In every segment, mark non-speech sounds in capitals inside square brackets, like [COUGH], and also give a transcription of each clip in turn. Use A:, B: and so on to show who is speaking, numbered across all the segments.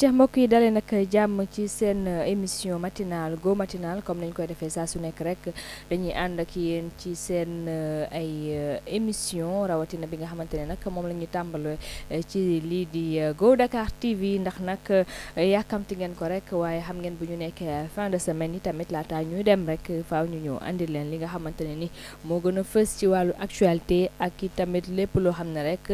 A: ayca mbokk yi dalee nag jàmm ci seen euh, émission matinale go matinale comme nañ koy defee saa su nekk rek dañuy ànd ak yéen ci seen euh, ay euh, émission rawatina bi nga xamante ne nag moom la ñuy ci lii di Go Dakar TV ndax nag yàkkamti ngeen ko rek waaye xam ngeen bu ñu nekkee fin de semaine yi tamit laata ñuy dem rek faaw ñu ñëw andi leen li nga xamante ne ni moo gën a fës ci wàllu actualité ak i tamit lépp loo xam ne rek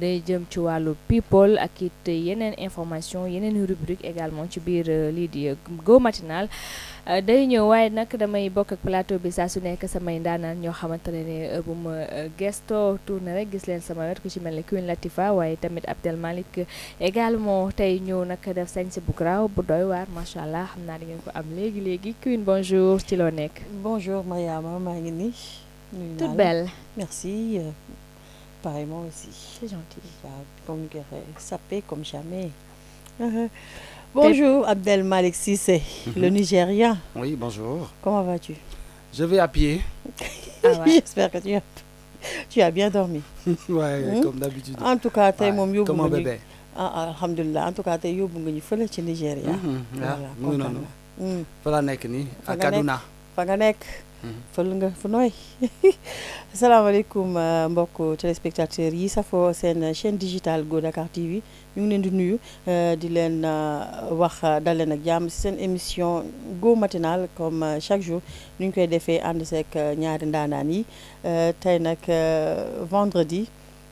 A: day jëm ci wàllu people ak it yeneen information une rubrique également ci biir euh, euh, go matinal euh, day ñëw waaye nag damay bokk ak plateau bi saa su bu gesto rek gis leen sama ku ci Abdel Malik également tey ñëw nag def bu bu doy bonjour ci bonjour toute belle merci
B: pareillement aussi. c'est gentil. comme comme jamais. Bonjour Abdel Malik c'est mhm. le Nigérien.
C: Oui, bonjour. Comment vas-tu Je vais à pied. [LAUGHS] Ah J'espère
B: que tu as, bien dormi. [LAUGHS] oui, hmm? comme d'habitude. En tout cas, tu es mon bébé. Ah, En tout cas, tu es mhm, ah, voilà fël nga fu nooy [LAUGHS] asalaamaaleykum euh, mbokk téléspectateurs yi safo sen chaîne digitale Go Dakar TV ñu ngi leen di nuyu euh, di leen euh, wax dal leen ak jamm sen émission Go Matinal comme chaque jour ñu koy défé ànd seeg ñaari ndaanaan yi tey nag vendredi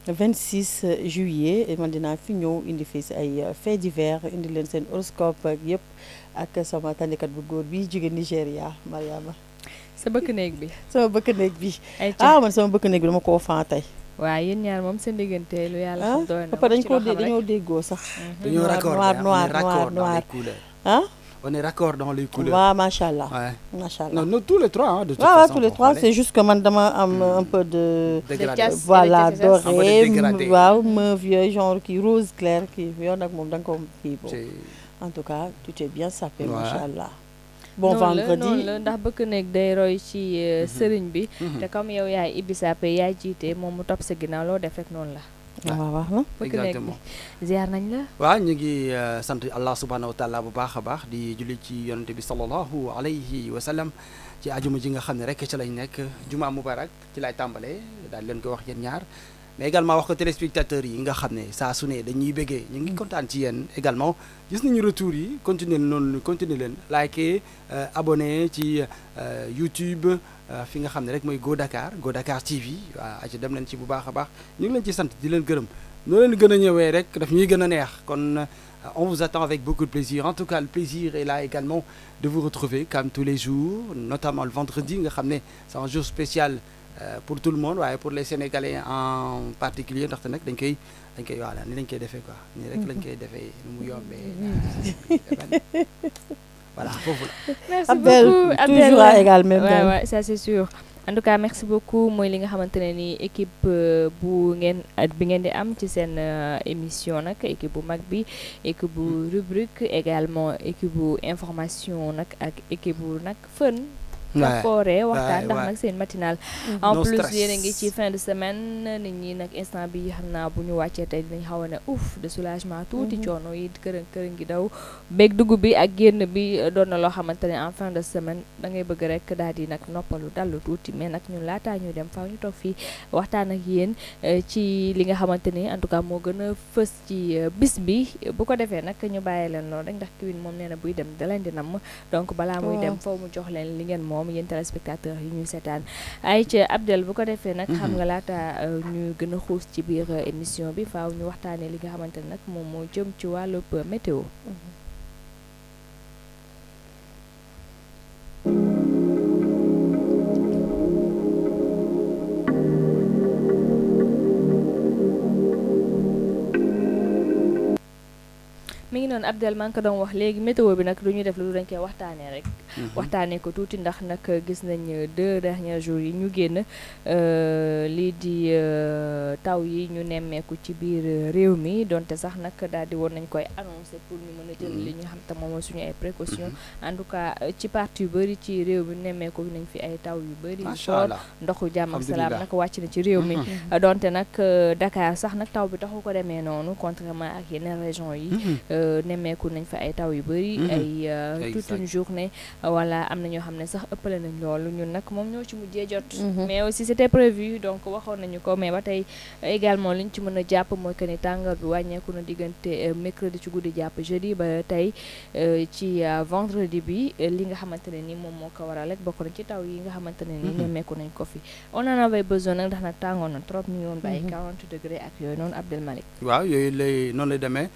B: 26 juillet man dinaa fi ñëw indi fi si ay faits divers indi leen sen horoscope ak yépp ak sama tanikat bu goor bi jóge Nigeria
A: Mariama sa bëkk néeg bi sama bëkk néeg bi ah man
B: sama bëkk néeg bi dama koo fan tey
A: waaw yéen ñaar moom seen diggante lu yàlla xam ah, doon na papa dañ ko dañoo déggoo sax mhm. dañoo raccord noir noir noir noir ah
C: on est raccord hein? dans les couleurs. waaw macha allah
B: macha allah non nous tous les trois hein, de toute ouais, façon. tous les trois c' est juste que man dama am hmm. un peu de. dégradé voilà doré waaw mauve yooyu genre kii rose clair kii yow nag moom da nga ko kii bon
A: en tout cas tu t'es bien sapé. waaw macha allah. bon vendredi noonu la ndax bëkk nekk day roy ci euh, mhm. sëriñ bi mhm. te comme yow yaay ibbi sape yaay jiite moom mu topp sa ginnaaw loo defeek noonu la ah, waaw waaw waaw exactement ziar nañ la
C: waaw ñu ngi euh, sant allah subhanahu wa taala bu baax a baax di julli ci yonente bi salallahu alayhi wa sallam ci ajuma ji nga xam ne rek ci lañ nekk juma mubarak ci laay tàmbale daal leen ko wax yéen ñaar mais également wax ko téléspectateurs yi nga xamné ne suné dañuy bëggee ñu ngi kontaan ci yeen également gis nañu retour yi continuer noonu continuer leen liker euh, abonné ci euh, YouTube euh, fi nga xamné rek moy Go Dakar Go Dakar TV a ci dem leen ci bu baaxa baax ñu ngi leen ci sant di leen gërëm no leen gëna ñëwé rek daf ñuy gëna neex kon on vous attend avec beaucoup de plaisir en tout cas le plaisir est là également de vous retrouver comme tous les jours notamment le vendredi nga xamné ne c'est un jour spécial euh, pour tout le monde pour les sénégalais en particulier nous avons fait koy dañ koy ni quoi Nous rek fait koy [LAUGHS] voilà c'est merci
A: beaucoup Abdel toujours à égal même. Ouais, ça c'est sûr. en tout cas merci beaucoup Moi, je nga xamante équipe euh, bu ngeen bi ngeen di euh, émission l'équipe équipe bu mag bi équipe mm. rubrique également équipe d'Information, information l'équipe ak équipe fun. fa kooree eh, waxtaan ndax nag seen matinal mhm. en plus yéen ngi ci fin de semaine nit ñi nag instant bi xam naa bu ñu wàccee tey dinañ xaw a ne ouf de soulagement tuuti mhm. coono yi kërën kërën gi daw beeg dugub bi ak génn bi eh, doon na loo xamante ne en fin de semaine da ngay bëgg rek daal di nag noppalu dallu tuuti mais nag ñun laataa ñu dem faaw ñu toog fii waxtaan ak yéen eh, ci li nga xamante ni en tout cas moo gën a fës ci bis bi bu ko defee nag ñu bàyyi leen loolu rek ndax moom nee buy dem da di namm donc balaa muy dem foo mu li ngeen moom moom yéen téléspectateurs yi ñuy seetaan ay ca Abdel bu ko defee nag xam mhm. nga laata euh, ñu gën a xuus ci biir euh, émission bi faw ñu waxtaanee li nga xamante ne nag moom moo jëm ci wàllub euh, météo mhm. mi ngi noonu Abdel maa ngi ko doon wax léegi météo bi nag lu ñu def lu dañ koy waxtaanee rek. Mhm. waxtaanee ko tuuti ndax nag gis nañ euh, deux derniers jours yi ñu génn euh, lii di euh, taw yi ñu nemmeeku ci biir réew mi donte sax nag daal di woon nañ koy annoncé pour ñu mën a jël mhm. li ñu xam te moom suñu ay précautions. Mhm. en tout cas ci parti yu bëri ci réew mi nemmeeku nañ fi ay taw yu bëri. macha allah ndoxu jàmm ak salaam nag wàcc na ci réew mi. donte nag dakaar sax nag taw bi taxu ko demee noonu contrairement ak yeneen région yi. nemeku nañ fa ay taw yu bari mhm. ay euh, toute une journée. wala am na ñoo xam ne sax ëppale nañ loolu ñun nag moom ñoo ci mujjee jot. Mhm. mais aussi c'était prévu donc waxoon nañu ko mais ba tey également liñ ci mën a jàpp mooy que ni tàngoor bi wàññeeku na diggante euh, mercredi ci guddi jàpp jeudi ba tey euh, ci vendredi bi li nga xamante ne ni moom moo ko waral rek bokk na ci taw yi nga xamante ne ni mhm. nemmeeku nañ ko fi on en avait besoin nag ndax nag tàngoon na trop ñu yoon bàyyi 40 degré ak yooyu noonu Abdel Malick.
C: waaw yooyu lay noonu lay demee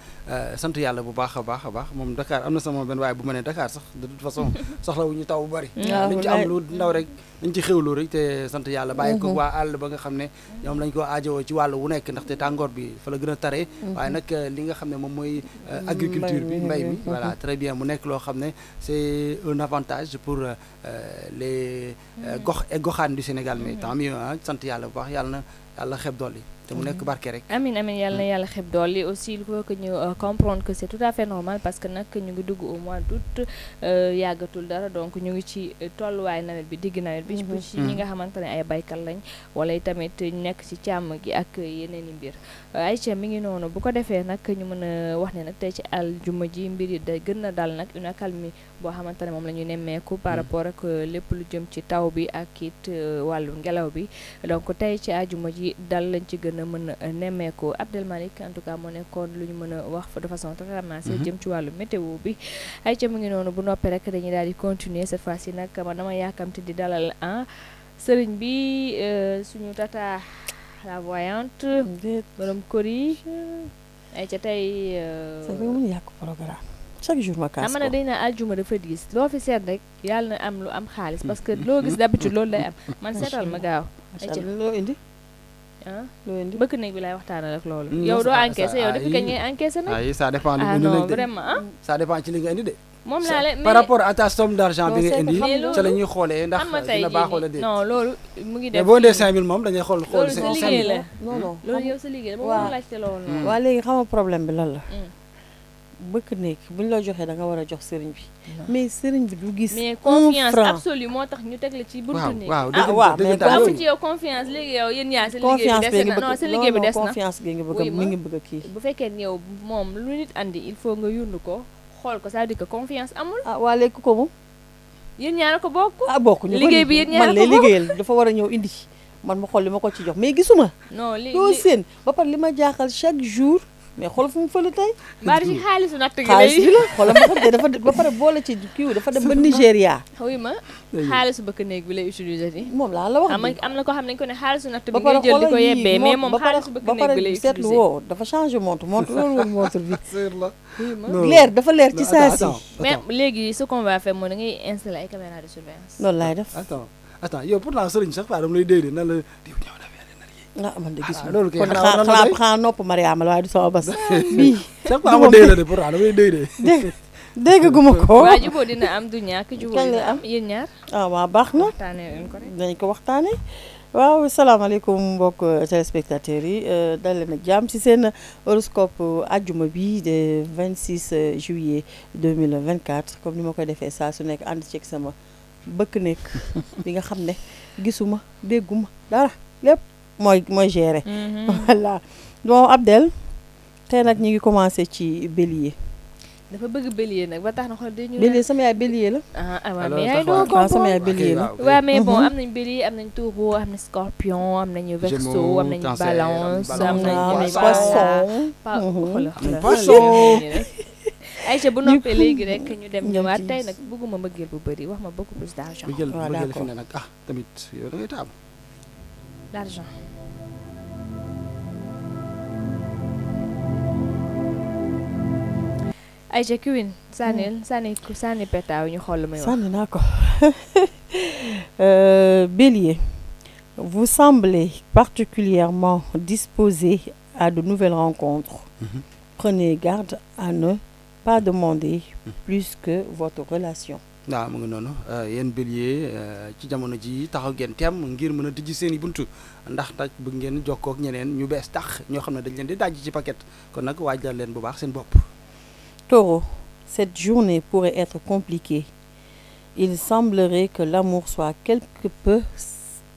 C: sant yàlla yàlla bu baakha baakha baax mom Dakar amna sama ben way bu ma Dakar sax de toute façon soxla wu ñu taw bu bari dañ ah, ci am lu ndaw rek dañ ci xewlu rek té sante yalla bàyyi ko mhm. waa àll ba nga xamné ñom lañ ko aajo ci walu wu nekk té tangor bi fa la gëna taré taree mhm. nak euh, li nga xamné mom moy euh, agriculture bi mbay mi voilà très bien mu nekk lo xamné c'est un avantage pour euh, les gox goxane du Sénégal mais mhm. tant mieux hein, sante yalla bu baax yalla na yalla xeb doli Mhm.
A: amin amin mm. yàlla na yàlla xeb dool li aussi il faut que ñu euh, comprendre que c'est tout à fait normal parce que nag ñu ngi dugg au mois d'août euh, yàggatul dara donc ñu ngi ci euh, tolluwaay nawet bi digg nawet bi mhm. ci mm. ñi nga xamante ne ay baykat lañ wala tamit nekk ci càmm gi ak yeneen i mbir Aïcha mi ngi noonu bu ko defee nak ñu mën a wax ne nag tey ci juma ji mbir yi da gën a dal nag une accalmie boo xamante ne moom la ñu par mm. rapport ak lépp lu jëm ci taw bi ak it wàllu ngelaw bi donc tey ci aljuma ji dal lañ ci gën a mën a euh, nemmeeku Abdelmalik en tout cas mu nekkoon lu ñu mën a wax de façon totalement mhm. jëm ci wàllu météo bi ay ca mu ngi noonu bu noppee rek dañuy daal di continuer cette fois ci nag man dama yaakamte di dalal ah sëriñ bi euh, suñu tata la voyante borom kori ay ca tey euh, mun yàq
B: programme chaque jour ma kaas ko na
A: dañ naa aljuma dafa diis loo fi set rek yàlla na am lu am xaalis parce que mhm. loo gis mhm. d'habitude loolu lay am [LAUGHS] man seetal ma gaaw ah bëgg néeg bi laay waxtaanee rek loolu. Mm, yow doo encaissé yow depuis que ngay encaissé nag. ayi ça dépend ah li mu ñu de moom laa leen par rapport à
C: ta somme d' bi nga indi. ca la ñuy xoolee ndax dina baaxoo la dee.
A: loolu mu ngi def
C: moom dañuy xool xool.
A: loolu sa liggéey la non
B: léegi xam problème bi lan la. Mm. bëkk nekk bu ñu la joxee da nga war a jox sëriñ bi. mais sëriñ bi du gis. mais confiance absolue
A: moo tax ñu teg la ci buntu nekk. waaw waaw dëgg la dëgg ci yow confiance yow yéen yaa seen liggéey bi des na non liggéey bi moom lu nit il faut nga yund ko xool ko c'est-à-dire que confiance amul. ah ko moom. ko bokk. Ah, bokk ñu liggéey bi yéen ñaar ko bokk man lay dafa war a ñëw indi man ma xool li ma ko ci jox mais gisuma. non li li
B: seen ba pare li ma jaaxal chaque jour mais xool fu mu fële tey. ba boole dafa dem ba Nigéria.
A: xaw ma xaalisu bëkk utiliser nii. moom la wax nii xam ne ne xaalisu natt bi ngay jël di ko yebbee mais moom xaalisu
B: dafa changé montre montre [LAUGHS] leer ci saa si. mais
A: léegi ce qu'on va faire mooy da ngay ay caméra de surveillance.
C: loolu laay def. attends attends nga ah, man de
B: gis ah, loolu kay xanaa xanaa nopp Mariama waaye du sama bii sax ba ma déy la de pourtant damay dégg gu ma ko. [LAUGHS] waa jubóo
A: dina am du ñàkk am yéen ñaar. ah
B: waa baax na dañ ko waxtaanee. waaw salaamaaleykum mbokk euh, téléspectateurs yi euh, dal leen ak jàmm ci seen horoscope ajjuma euh, bi de 26 juillet 2024 comme ni ma koy defee saa su nekk ànd ceeg sama bëkk nekk bi [LAUGHS] nga xam ne gisuma dégguma dara lépp. mooy mooy gérer. Mm-hmm. [LAUGHS] voilà bon Abdel tey nak ñi ngi commencé ci bélier.
A: dafa bëgg bélier nak ba tax na xol xool dañu. bélier sama yaay bélier la. ah, ah waaw mais ay do ko sama yaay bélier la. waaw ah, mais bon mm-hmm. am nañu bélier am nañu taureau am nañu scorpion am nañu verseau am nañu balance am nañu ah, poisson mm-hmm. poisson. Aïcha bu [LAUGHS] noppee léegi rek ñu dem ñëwaat tay nak bëgguma mbëggeel bu bëri wax ma beaucoup plus d'argent. waaw d'accord fi ne ah tamit yow da ngay taamu l'argent. ay kiwin hmm. ñu
B: [LAUGHS] euh, Bélier vous semblez particulièrement disposé à de nouvelles rencontres mhm. prenez garde à ne pas demander hmm. plus que votre relation
C: waaw mu ngi noonu euh, yéen bélier euh, ci jamono ji taxaw ngeen ngir mën a tijji seen i buntu ndax taj bëgg ngeen jokkoo ak ñeneen ñu bees tax ñoo xam dañ leen di dajj ci paquet kon nag waajal leen bu baax seen bopp.
B: Taureau cette journée pourrait être compliquée il semblerait que l'amour soit quelque peu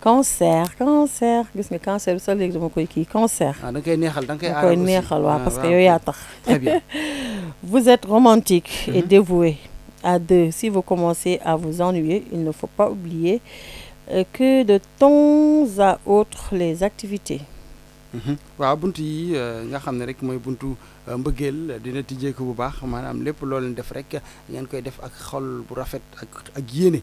B: cancer cancer gis nga cancer bi sax léegi dama koy kii cancer. ah da nga koy neexal da nga koy aar koy neexal waaw ah, parce que yow yaa tax. [LAUGHS] bien [LAUGHS] vous êtes romantique. Mm -hmm. et mhm. dévoué à deux si vous commencez à vous ennuyer il ne faut pas oublier euh, que de temps à autre les activités.
C: Mhm. waaw bunt yi euh, nga xam ne rek mooy buntu euh, mbëggeel dina ko bu baax maanaam lépp loo leen def rek ngeen koy def ak xol bu rafet ak ak yéene.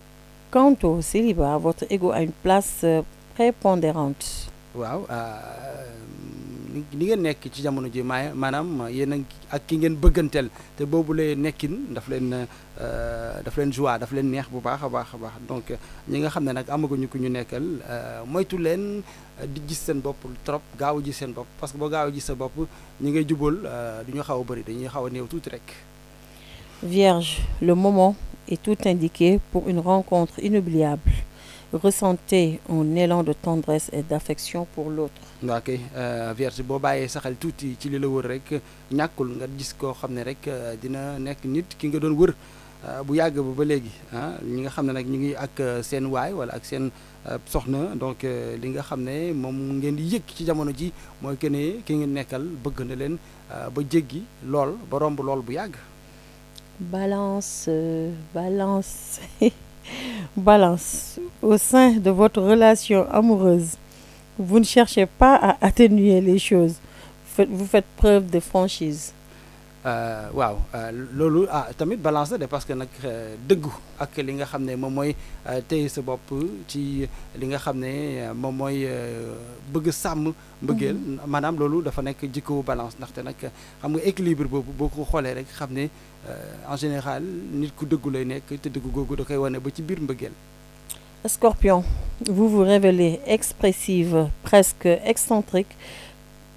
B: Quant au célibat, votre ego a une place euh, prépondérante. waaw li euh, ngeen
C: nekk ci jamono ji manam maanaam ak ki ngeen bëgganteel te bobu lay nekkin daf leen euh, daf leen joie daf leen neex bu baakha baakha baax donc ñi nga xam ne nag amaguñu ku ñu nekkal euh moytu leen di gis seen bopp trop gaaw ji gis seen bopp parce que boo gaaw a sa bop ñi ngay jubul du ñu xaw bari dañuy xaw a tout rek.
B: Vierge le moment est tout indiqué pour une rencontre inoubliable. Ressentez un élan de tendresse et d'affection pour l'autre.
C: OK kay euh, Vierge boo bàyyee tout tuuti ci li la que rek ñàkkul nga gis koo xam rek euh, dina nekk nit ki nga doon wër euh, bu yàgg ba ba léegi ah ñi nga xam ne nag ngi ak wala ak soxna donc li nga xamné mom ngeen di yëg ci jamono ji moy que ki ngeen nekkal bëgg na leen ba jéggi lool ba romb lool bu yagg
B: Balance, euh, balance, [LAUGHS] balance. Au sein de votre relation amoureuse, vous ne cherchez pas à atténuer les choses. Vous faites, preuve de franchise. Euh, waaw euh, Lolo, ah tamit balance
C: de parce que nag euh, dëggu ak li nga xam ne moom mooy téye sa ci li nga dafa balance ndaxte nag xam nga équilibre boobu rek en général nit ku dëggu lay nekk
B: Scorpion vous vous révélez expressive presque excentrique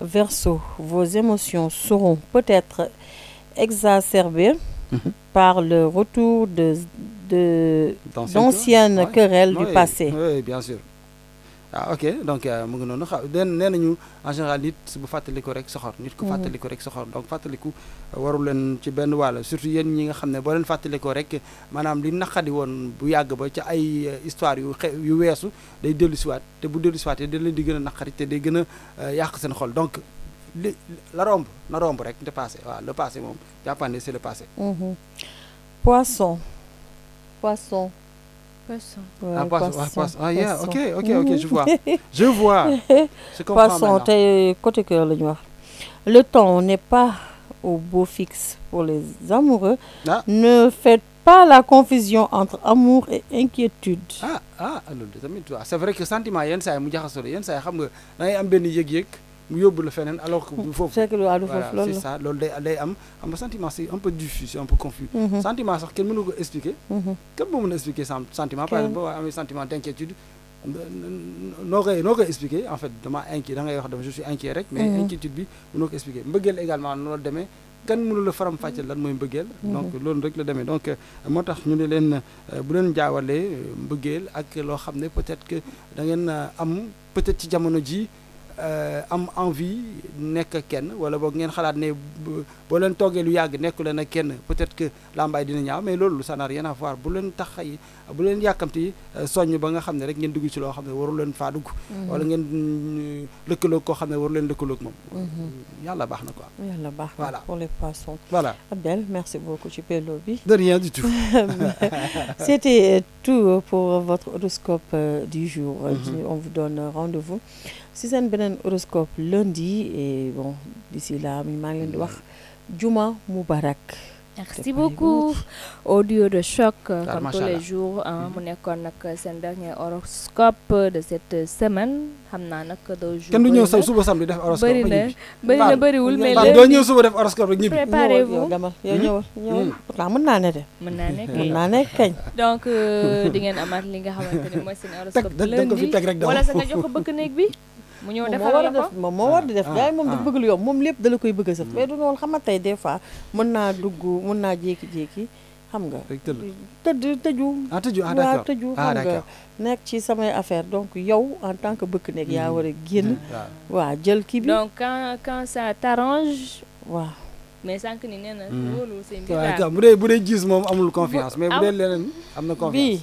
B: Verseau, vos émotions seront peut-être exacerbées mhm. par le retour de, d'anciennes querelles du passé. bien sûr ah ok donc
C: euh, mu ngi noonu den nee en général nit bu fàttaliku rek soxor nit nous mm-hmm. fàttaliku rek soxor donc fàttaliku euh, waru leen ci benn wàll surtout yéen ñi nga xam ne boo leen fàttalikoo rek maanaam li naqadi woon bu yàgg ba ci ay euh, histoire yu xe yu weesu day nous te bu dellusiwaatee da leen di gën a te day gën a seen donc la romb na romb rek de passé le passé moom c'est le passé
B: mm-hmm. poisson poisson
A: ok, je vois. [LAUGHS]
B: je vois. passons, côté cœur, le noir. Le temps n'est pas au beau fixe pour les amoureux. Ah. Ne faites pas la confusion entre amour et inquiétude. Ah,
C: ah c'est vrai que sentiment, mu yóbbu alors que. voilà c'est ça loolu day day am xam sentiment c'est un peu diffus c'est un peu confus. Mhm. sentiment sax kenn mënu ko expliquer. Mhm. kenn moo mën a expliquer sentiment. par exemple boo sentiment d'inquiétude. noo koy expliquer en fait dama inquiet da ngay wax dama je suis inquiet rek. mais mhm. inquiétude bi nous ko expliquer mbëggeel également nous le demee. kan nous le faram fàcceel lan mooy mbëggeel donc loolu rek la demee donc euh, moi tax ñu ne leen euh, bu leen jaawalee mbëggeel ak loo xam peut-être que da un euh, am peut-être ci jamono ji euh, am envie nek ken wala bok ngeen xalaat ne boo leen toggee lu yag nekk leen ak peut-être que lambay dina ñaaw mais loolu ça n'a rien à voir bu leen tax bu len yakamti euh, soñu ba nga xam rek ngeen dugg ci lo xam waru len fa dugg mhm. wala ngeen euh, lëkkaloog ko xam waru len lëkkaloog moom mhm.
B: yàlla baax na quoi yalla baax na voilà pour les poissons voilà Abdel merci beaucoup ci pelo bi de rien du tout [LAUGHS] c'était euh, tout pour votre horoscope du jour mhm. on vous donne rendez-vous si seen beneen horoscope lundi et bon d'ici là mi maa ngi di wax juma mubarak merci beaucoup audio de choc euh, ah, comme ah, tous les
A: jours mm-hmm. mu nekkoon nag seen dernier horoscope de cette semaine xam naa nag doo jour kenn du ñëw suba samedi def horoscope bëri na bëri na bëriwul mais léegi doo ñëw suba def horoscope rek ñibbi préparez-vous demal yow hmm?
B: Hmm. mën naa ne de mën naa nekk mën naa nekk kañ [LAUGHS] donc euh, di ngeen amaat li nga xamante ne mooy
A: seen horoscope lundi wala sa nga jox ko bëgg néeg bi mu ñëw defal la
B: moom moo war di def ah, gars yi moom ah, dafa ah. bëgg lu yomb moom lépp dala koy bëgg a sax mm. mais du noonu xam nga tey des fois mën naa dugg mën naa jékki-jékki xam nga tëdd tëju waaw tëju xam nga nekk ci samay affaire donc yow en tant que bëkk nekk yaa mm. war a génn mm. waaw jël kii bi donc
A: quand quand t'arrange waaw mais sànq ni nee na loolu seen bi bu bu
B: dee gis moom amul confiance mais bu dee leneen am na confiance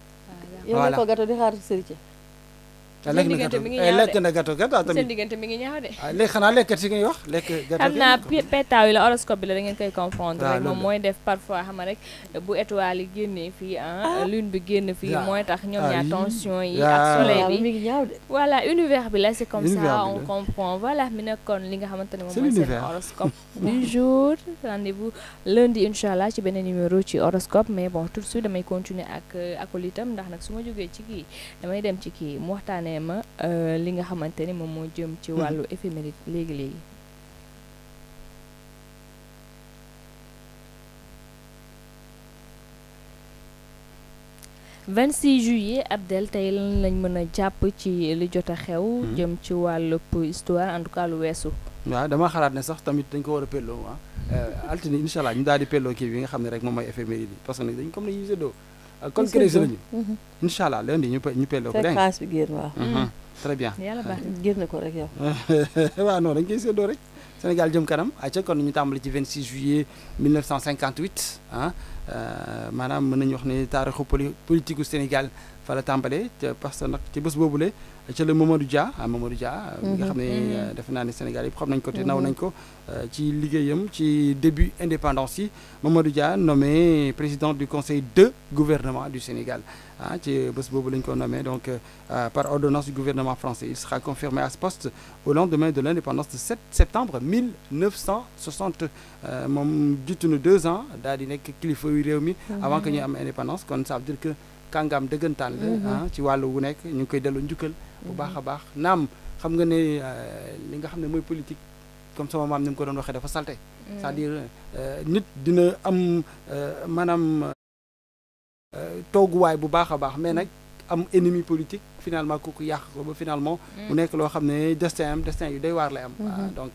A: yow nekkoo gâteau di xaar ci lekk na gâteau eh, lekk na gâteau gâteau tamit seen diggante mi ngi ñaaw de ah,
C: léegi xanaa lekkat si ngay wax lekk gâteau xam naa
A: petaaw yi la horoscope bi la da ngeen koy confondre rek moom mooy def parfois xam rek bu étoile yi génnee fii ah, ah. lune bi génn fii mooy tax ñoom ñaar ah, tension yi ak soleil bi mi ngi ñaaw de voilà univers bi la c'est comme ça on comprend voilà mi nekkoon li nga xamante ne moom mooy seen horoscope [LAUGHS] du jour rendez-vous lundi incha allah ci beneen numéro ci horoscope mais bon tout de suite damay continuer ak euh, acolytam ndax nag su ma jógee ci kii damay dem ci kii mu waxtaane nee ma euh, li nga xamante ni moom moo jëm ci mhm. wàllu éphéméride léegi léegi. vingt six juillet Abdel tey lan lañ mën a jàpp ci li jot a xew. Mhm. jëm ci wàllub histoire en tout cas lu weesu.
C: waaw dama xalaat ne sax tamit dañ ko war a pelloo ah euh, altine incha ñu daal di pelloo kii bi nga xam ne rek moom mooy éphéméride bi parce que nag dañ comme ni ñuy séddoo. Euh, C'est la ñu. ñu ñu mhm. mm-hmm. très bien gën na ko rek yow. [LAUGHS] non dañ Sénégal jëm kanam kon ñu 26 juillet 1958 nous ah, euh, wax politique Sénégal fa la parce que ci bobulé c'est le moment du Mamadou Dia. Hein, euh, nga mm-hmm. xamné def mm-hmm. euh, defe naa au Sénégal yi xam nañ ko té naw mm-hmm. nañ ko euh, ci ci début indépendance Mamadou Dia nommé président du conseil de gouvernement du Sénégal ah ci bobu nommé donc par ordonnance du gouvernement français il sera confirmé à ce poste au lendemain de l'indépendance de 7 septembre 1960 mom deux ans avant que ñu am indépendance kon ça veut dire que kangam dëggantaan la mhm. ah, ci walu wu nek ñu koy delloo njukkal bu mhm. baax a baax naam xam nga ne euh, li nga xam moy politique comme sama mam ni ko doon waxee dafa salté mhm. c'est-à-dire euh, nit dina am euh, maanaam tooguwaay bu baax a baax mais nak am ennemi politique finalement koku yak ko ba finalement mu nek lo xam destin am destin yu day war lay am ah, donc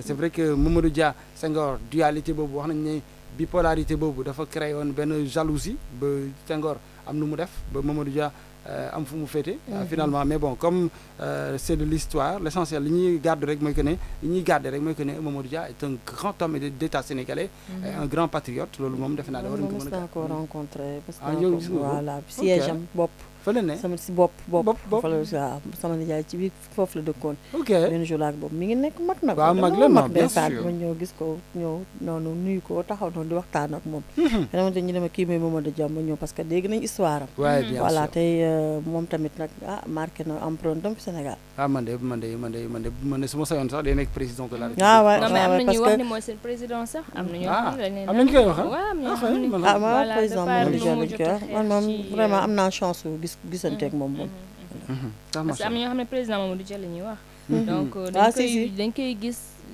C: c'est vrai que Mamadou Dia Senghor dualité bobu wax nañ ne bipolarité bobu dafa créé woon ben jalousie ba Senghor am nu mu def ba Mamadou Dia euh, am fu mu féete. Euh, mhm. finalement mais bon comme euh, c'est de l'histoire l'essentiel, li ñuy garder rek moy que né li ñuy garder rek moy que né Mamadou Dia est un grand homme d' état sénégalais. Mhm. un grand patriote loolu mom def na da war nañu ko mën a. Hmm. ah voilà siège am
B: bopp. fële ne sama si bopp bopp bopp waaw sama nijaay ci biir foofu la dëkkoon. ok benn jour laag ngi nekk mag nag. waaw mag la mag bien sûr nag ah marqué Sénégal.
C: Ah, man de man de man de man de man de su ma sayoon sax day nekk président de man ah,
A: président man euh. am
B: naa chance gis gis a moom moom. Mm-hmm, mm-hmm, mm-hmm. parce que am
A: na ñoo xam ne président moom du ca la ñuy wax. donc euh, ah, dañ koy gis.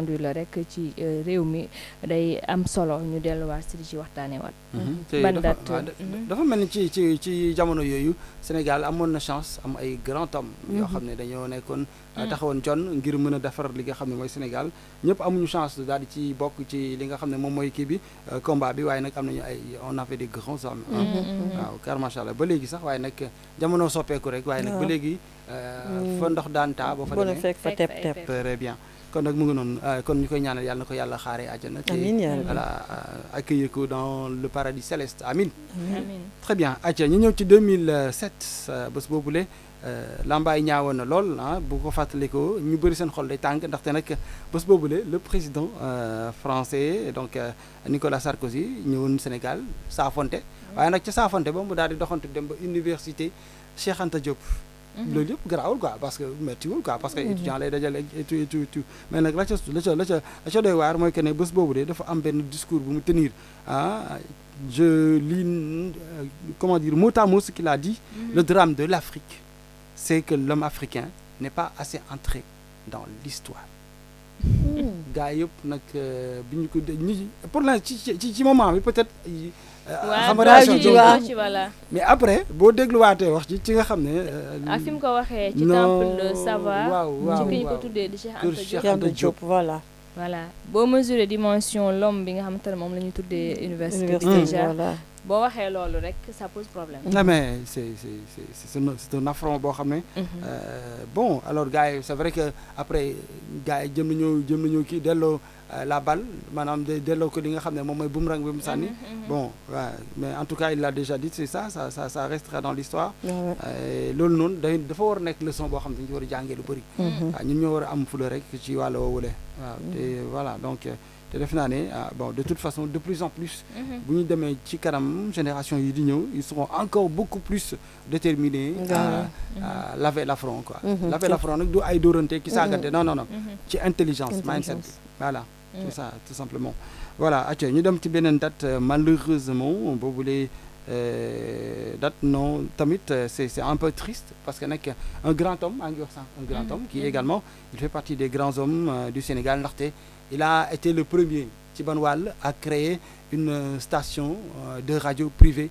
A: entendu la rek ci euh, réew mi day am solo ñu delluwaat si di ci waxtaanee waat. Mhm.
C: Mhm. ban date mhm. dafa mel ni ci ci ci jamono yooyu Sénégal amoon na chance am ay grand homme yoo xam ne dañoo nekkoon. taxawoon con ngir mën a defar li nga xam ne mooy Sénégal ñëpp amuñu chance daal ci bokk ci li nga xam ne moom mooy kii bi euh, combat bi waaye nag am nañu ay on avait des grands hommes. waaw car macha allah ba léegi sax waaye nag jamono soppeeku rek. waaye nag ba ah. léegi. Euh, mm. fa ndox daan taa boo fa demee fekk kon nak mu ngi noonu euh, kon ñu koy ñaanal yalla nako yalla yàlla xaaree àjjana te voilà euh, accueillir ko dans le paradis céleste amin amin très bien acca ñu ñew ci 2007 bës euh, bés boobule Lambaay ñaawoon na lool hein bu ko fàttalikoo ñu bari seen xol day tank tàng ndaxte nag bés boobule le président français donc Nicolas Sarkozy ñëwoon Sénégal sa fonté saafonte mm. nak ci sa fonté ba mu daal di doxantu dem ba université Cheikh Anta Diop Mhm. le yëpp garaawul quoi parce que méttiwul quoi parce que mhm. étudiant lay dajale étu et tu mais nak la ca la ca la ca la ca doy que ne bés boobu dé dafa am ben discours bu mu tenir ah je lis euh, comment dire mot à mot ce qu'il a dit mhm. le drame de l'Afrique c'est que l'homme africain n'est pas assez entré dans l'histoire gaa yop nak ko pour la ci ci moment mais peut-être euh, xam mais après boo waté wax ci ci nga ak euh, ah, ko waxé ci
A: temple dit, ci di Cheikh voilà. voilà bo mesurer dimension l'homme bi nga xam tu mom lañu université. déjà bo waxé lolu rek ça pose problème. non mais
B: c'est
C: c'est c'est c'est un affront bo xamné ne. Mhm. Euh, bon alors gars c'est vrai que après gars jëm nañu jëm nañu ki euh, la balle madame dès mm-hmm, mm-hmm. bon mais en tout cas il l'a déjà dit c'est ça ça restera dans l'histoire mm-hmm. le voilà donc ah, de toute façon de plus en plus. bu ñu génération ils seront encore beaucoup plus déterminés. à laver l'affront quoi. laver l'affront non non non. C'est intelligence voilà. Mm. tout simplement voilà nous ñu dem ci beneen date euh, malheureusement euh, date non tamit euh, c'est un peu triste parce qu'il y a un grand homme un grand mm. homme qui mm. également il fait partie des grands hommes du Sénégal il a été le premier ci à créer une station de radio privée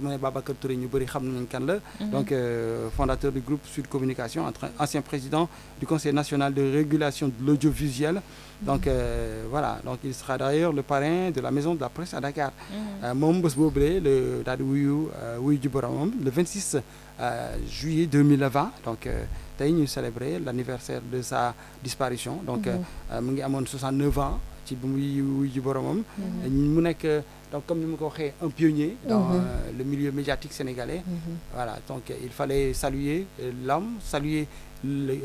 C: Mhm. donc euh, fondateur du groupe Sud Communication ancien président du conseil national de régulation de l'audiovisuel mhm. donc euh, voilà donc il sera d'ailleurs le parrain de la maison de la presse à Dakar mhm. euh, le le 26 juillet 2020 donc célébrer l'anniversaire de sa disparition donc mu 69 ans ci donc comme nous sommes un pionnier dans mhm. euh, le milieu médiatique sénégalais mhm. voilà donc il fallait saluer euh, l'homme saluer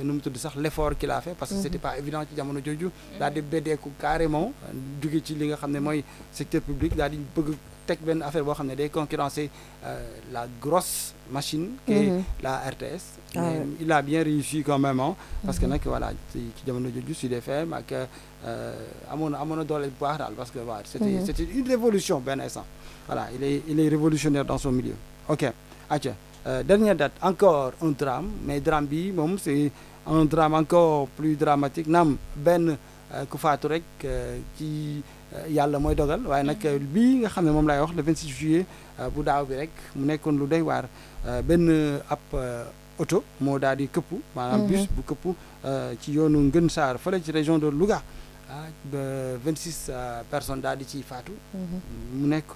C: nu mu sax l'effort qu'il a fait parce que mhm. c'était pas évident ci jamono jooju mhm. daal di beddeeku carrément jóge ci li nga xam ne secteur public daal di bëgg teg ben affaire bo xamné day concurrencer euh, la grosse machine qu'est mhm. la RTS ah mais il a bien réussi quand même ah parce que nag voilà ci jamono jooju Sud FM ak euh, amono na doole bu baax dal parce que voilà c'était c'était une révolution ben instant voilà il est il est révolutionnaire dans son milieu ok aca euh, dernière date, encore un drame, mais drame bi bon c'est un drame encore plus dramatique Nam ben euh, ku faatu rek euh, ci euh, yàlla mooy dogal waaye nag mhm. bii nga xam ne moom wax le 26 juillet bu daaw bi rek mu nekkoon lu doy waar benn ab oto moo daal di këpp mhm. bus bu këpp ci yoonu Ngën Saar ci région de Louga 26 ah, personnes d'Adi fatou, ciy faatu mhm. mu nekk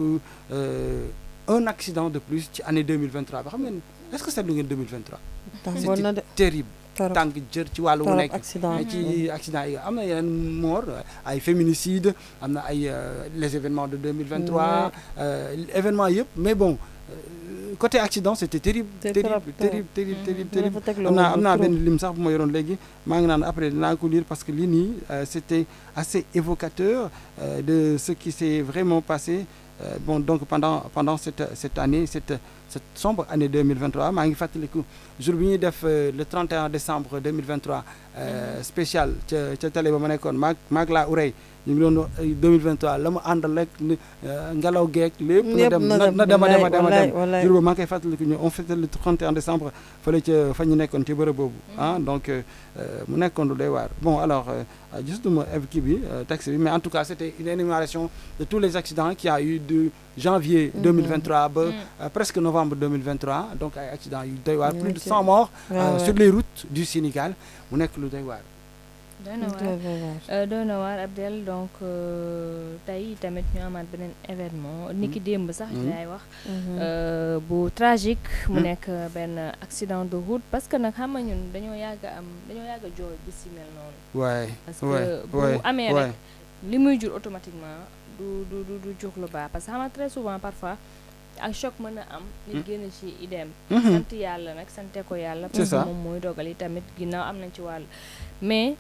C: un accident de plus ci année 2023 est-ce que c'est l'année 2023. c'était terrible. tànk jër ci walu wu mais ci mm-hmm. accident amna am mort ay féminicide amna ay euh, les événements de 2023 mm-hmm. euh, événements yep mais bon euh, côté accident c'était terrible terrible terrible mm-hmm. terrible terrible on a naa am lim sax bu ma maintenant léegi après lire parce que li c'était assez évocateur de ce qui s'est vraiment passé euh, bon, donc pendant, pendant cette, cette année, cette, sombre année 2023, je vous le 31 décembre 2023 euh, spécial ca télé ba ma nekkoon maag maag laa urey ñu ngi doon 2023 euh, la mu àndal rek euh, ngelaw geek lépp na dem na dema dema dema dem jur ba maa koy ñu on le 31 décembre fële ca fa ñu nekkoon ci bërëb boobu mm-hmm. ah donc mu nekkoon lu doy waar bon alors justement kii bi taxi bi mais en tout cas c'était une énumération de tous les accidents qui a eu de janvier 2023 mm-hmm. ba mm-hmm. presque novembre 2023 donc ay accidents yu doy waar plus de 100 morts sur les routes du Sénégal mu nekk lu war.
A: waar doona waar Abdel donc euh, tey tamit ñu amaat beneen événement hmm. niki démb sax hmm. laay wax mhm. euh, bu tragique mu hmm. nekk benn accident de route parce que nag xam nga ñun dañoo yàgg am dañoo yàgg a jooy bis mel noonu waay parce bu amee rek li muy jur automatiquement du du du jur lu baax parce que xam nga très souvent parfois ak choc mën a am. Mm-hmm. nit génn ci idem. Mm-hmm. sant yàlla nag sante ko yàlla. parce moom mooy dogal yi tamit ginnaaw am nañ ci wàll. mais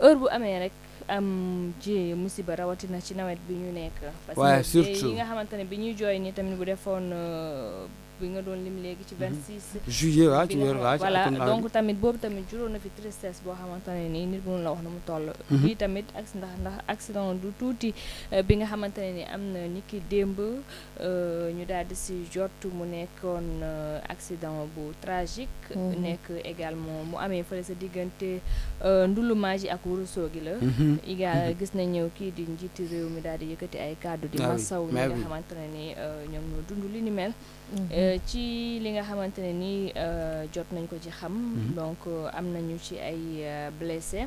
A: heure bu amee rek am ji musiba rawatina ci nawet bi ñu nekk. parce que yi nga xamante ne bi ñuy jooy nii tamit bu defoon. Euh, bi nga doon lim léegi ci 26. Mhm. juillet waaw ci weer waaw voilà tamit boobu tamit juróom na fi tristesse boo xamante ne nii nit mënu la wax na mu toll. bii mhm. tamit ak ndax ndax accident du tuuti euh, bi nga xamante ne nii am na nit ki démb euh, ñu daal di si jot mu nekkoon euh, accident bu tragique. Mhm. nekk également mu amee fële sa diggante ndulumaa ji ak wurusoo gi la. égal gis nañu kii di njiiti réew mi daal di yëkkati ay kàddu di ah masaw ñi nga xamante ne ñoom ñoo dund li ni mel. Euh, ci li nga xamante ne ni euh, jot nañ ko ci xam mm-hmm. donc euh, am nañu ci ay blessé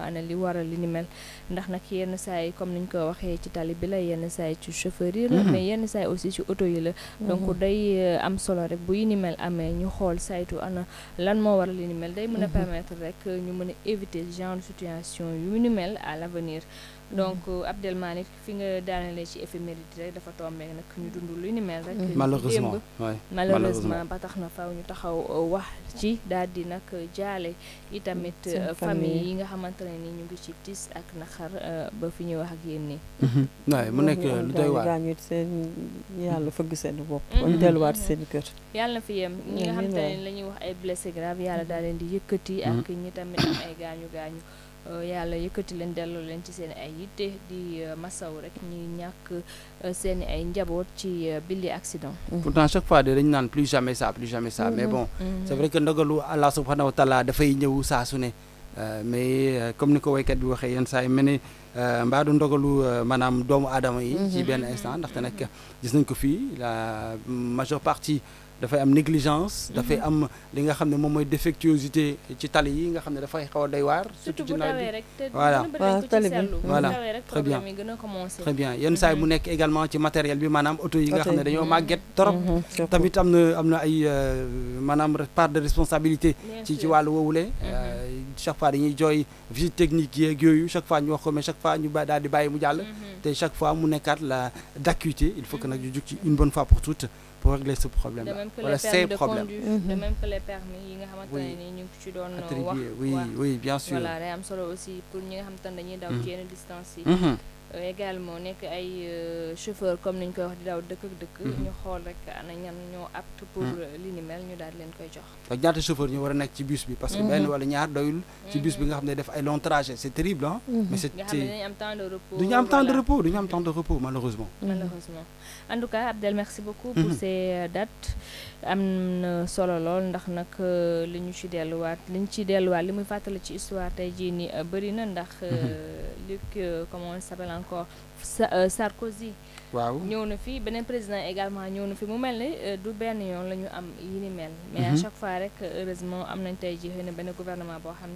A: ana li waral li mel ndax nag yenn saa yi comme ñu ko waxee ci tali bi la yenn saa yi ci chauffeur la mhm. mais yenn saa aussi ci oto yi la mhm. donc day euh, am solo rek bu yi ni mel amee ñu xool saytu ana lan moo waral li mel day mën a mhm. permettre rek euh, ñu mën a éviter genre situation yu ni mel à l'avenir donc euh, Abdel Malick fi nga daanalee ci éphéméride rek dafa tombé nag ñu dund lu ni mel rek. Mhm. malheureusement malheureusement ba tax na faw ñu taxaw euh, wax ci daal di nag jaale itamit euh, famille yi nga xamante ne ni ñu ngi ci tis ak naxar ba fi ñuy wax ak yéen nii. Mhm. waaye
C: mu nekk lu doy waar
B: gaañu seen yàlla fëgg seen bopp. ba mhm. ñu delluwaat seen kër.
A: yàlla na fi yem ñi nga xamante ne la ñuy wax ay blessé grave yàlla daal leen di yëkkati. ak ñi tamit am ay gaañu gaañu. Euh, yàlla yëkkati leen delloo leen ci seen ay yitte di euh, masaw rek ñuy ñàkk euh, seen ay njaboot ci billi accident. Mm-hmm.
C: pourtant chaque fois de dañu naan plus jamais ça plus jamais ça. mais mm-hmm. bon mm-hmm. c'est vrai que ndogalu Allah subhanahu wa taala dafay ñëw saa su ne. mais comme ni ko waykat bi waxee yenn saa yi mel ni mbaa du ndogalu maanaam doomu aadama yi. ci benn instant ndaxte nag gis nañ ko fii la majeure partie dafay am négligence mhm. dafay am li nga xam ne moom défectuosité ci tali yi nga xam ne dafay xaw a doy waar surtout ci nawet bi voilà tali voilà très bien très bien yenn saa yi mu mhm. nekk également ci matériel bi maanaam auto yi nga xam ne dañoo mhm. trop tamit am na am na ay euh, maanaam part de responsabilité ci ci wàllu woowule euh, chaque fois dañuy joy visite technique yeeg yooyu chaque fois ñu wax chaque fois ñu ba daal di bàyyi mu jàll te chaque fois mu nekkaat la d'acuité il faut que nag ñu jug ci une bonne fois pour toutes pour régler ce problème là c'est ces problèmes
A: de même que les permis yi nga xamante ne ni ñu ngi ci doon wax oui oui bien sûr voilà day am solo aussi pour ñi nga xamante ne dañuy daw une mm. distance yi mhm. Euh, également nek ay euh, chauffeur comme niñ koy wax di daw dëkk ak dëkk. Mhm. ñu xool rek ana ñan ñoo apte pour mhm. euh, li ni mel ñu daal leen koy jox.
C: ak ñaata chauffeur ñu war a nekk ci bus bi. parce que benn mhm. wala ñaar doyul. ci bus bi nga xam ne def ay long trajet c' est terrible hein mais c' est nga am
A: temps de repos. duñu am temps de repos
C: duñu am temps de repos malheureusement.
A: [LAUGHS] malheureusement en tout cas Abdel merci beaucoup. pour ces dates am na solo lool ndax nag li ñu ci delluwaat li ñu ci delluwaat li muy fàttali ci histoire tey jii nii bëri na ndax que euh, comment il s'appelle encore euh, Sarkozy. waaw ñëw na fi beneen président également ñëw na fi mu mel euh, du benn am mel. mais à mhm. chaque fois rek heureusement am nañ tey jii xëy gouvernement boo xam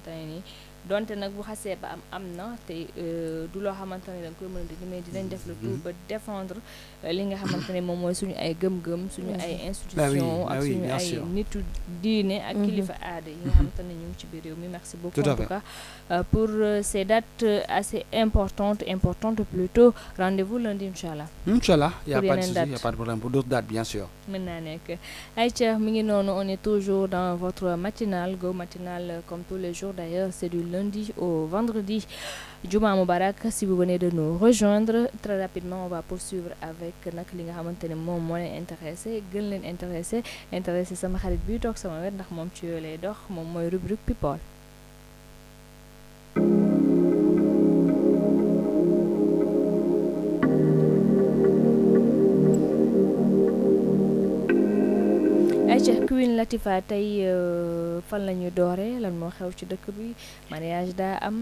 A: donte nag bu xasee ba am am na te euh, du loo xamante ne danga koy mën a mais dinañ def le mm-hmm. tout ba défendre euh, li nga xamante ne moom mooy suñu ay gëm-gëm suñu mm-hmm. ay bah institution bah ak suñu ay nitu diine ak mm-hmm. kilifa aada yi nga xamante ne ñu ngi ci biir réew mi merci beaucoup en tout cas euh, pour ces dates assez importantes importantes plutôt rendez-vous lundi incha allah
C: incha allah y a pas de souci y a pas de problème pour d'autres dates bien sûr
A: mën naa nekk Aïcha mi ngi noonu on est toujours dans votre matinale go matinal comme tous les jours d'ailleurs c'est du lundi au vendredi. Juma si vous venez de nous rejoindre, très rapidement, on va poursuivre avec li intéressé intéressé intéressé rubrique people. Cheikh Queen tay tey euh, fan la ñuy lan mo xew ci mariage da am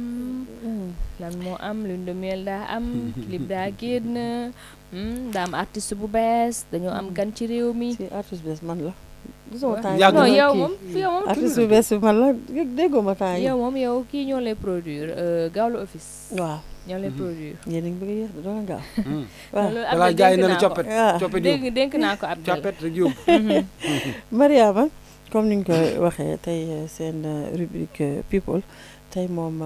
A: hmm. lan am lune de miel am [LAUGHS] clip daa hmm, des am artiste bu bess am gan mi. artiste des non yow office ñoo leen mhm. produire. yéen a ngi bëgg a yéex doon gaaw. waaw balaa gars coppet ah. coppet dénk naa ko Abdel coppet rek yóbbu. [LAUGHS] Mhm. Hmm.
B: Mariama comme ni ko waxee tey euh, seen euh, rubrique euh, people tey moom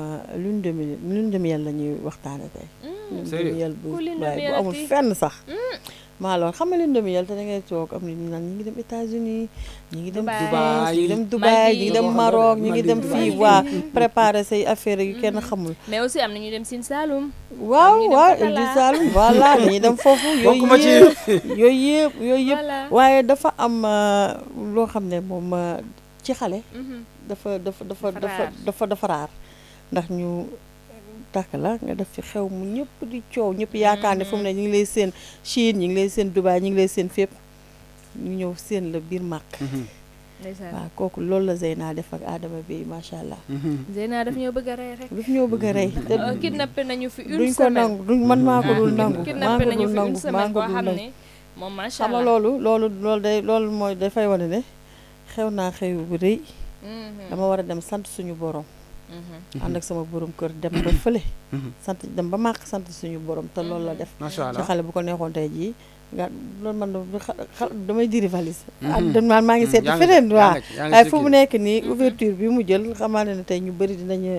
B: lu de miel lune de miel la ñuy waxtaane tey. Hmm. lune de miel bu bu amul fenn sax. Hmm. mais alors xam nga leen doomu yàlla te da ngay toog am na ñu naan ngi dem États-Unis
A: ñu ngi dem Dubaï ñu ngi dem Dubaï ñu ngi dem Maroc ñu ngi dem fii waa préparer
B: say affaires yu kenn xamul
A: mais aussi am na ñu dem Sine Saloum
B: waaw waaw Sine Saloum voilà dañuy dem foofu yooyu yëpp yooyu yëpp yooyu yëpp waaye dafa am euh, loo xam ne moom euh, ci xale dafa mhm. dafa dafa dafa dafa dafa raar ndax ñu takk la nga def fi xew mu ñëpp di coow ñëpp mm-hmm. yaakaar ne fu mu ne ñu ngi lay seen Chine ñu ngi lay seen Dubaï ñu ngi lay seen fépp ñu ñëw seen la biir màkk
A: mm-hmm. waaw
B: kooku loolu la Zeyna def ak Adama bi macha allah. Mm-hmm.
A: Zeyna daf ñoo bëgg a rey rek.
B: daf ñoo bëgg a rey. [LAUGHS] Oh,
A: nañu fi une semaine duñ ko nangu duñ man maa ko moom macha allah xam nga loolu
B: loolu loolu loolu mooy dafay wane ne xew naa xew bu rëy. dama war a dem sant suñu borom. Mm-hmm. ànd ak sama borom kër dem ba mm-hmm. fële. Mm-hmm. sant dem ba màq sant suñu borom te loolu la def. macha xale bu ko neexoon tey jii. nga loolu man damay diri valise. ah man maa ngi seet feneen waaw waaye fu mu nekk nii ouverture bi mu jël xamaa ne tey ñu bëri dinañu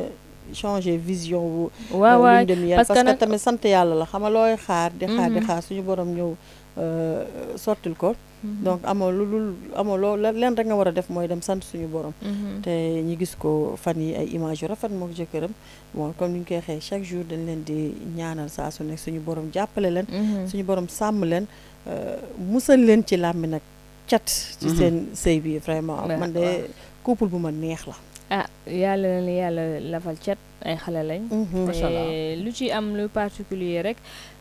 B: changer vision wu. waaw waaw parce que parce tamit sant yàlla la xam nga looy xaar. di xaar di xaar suñu boroom ñëw. Euh, sottil ko mhm. donc amoo lu lu amoo loo leen rek nga war a def mooy dem sant suñu borom mhm. te ñi gis ko fan yi ay image yu rafet moo jëkkëram bon comme ni ñu koy xee chaque jour dañ leen di ñaanal saa su nekk suñu borom jàppale leen mhm. suñu borom sàmm leen euh, musal leen ci làmmi nag cat ci seen sëy bi vraiment man de couple bu ma neex la
A: ah yàlla na yàlla lafal cat ay xale lañ. macha allah lu ci am lu particulier rek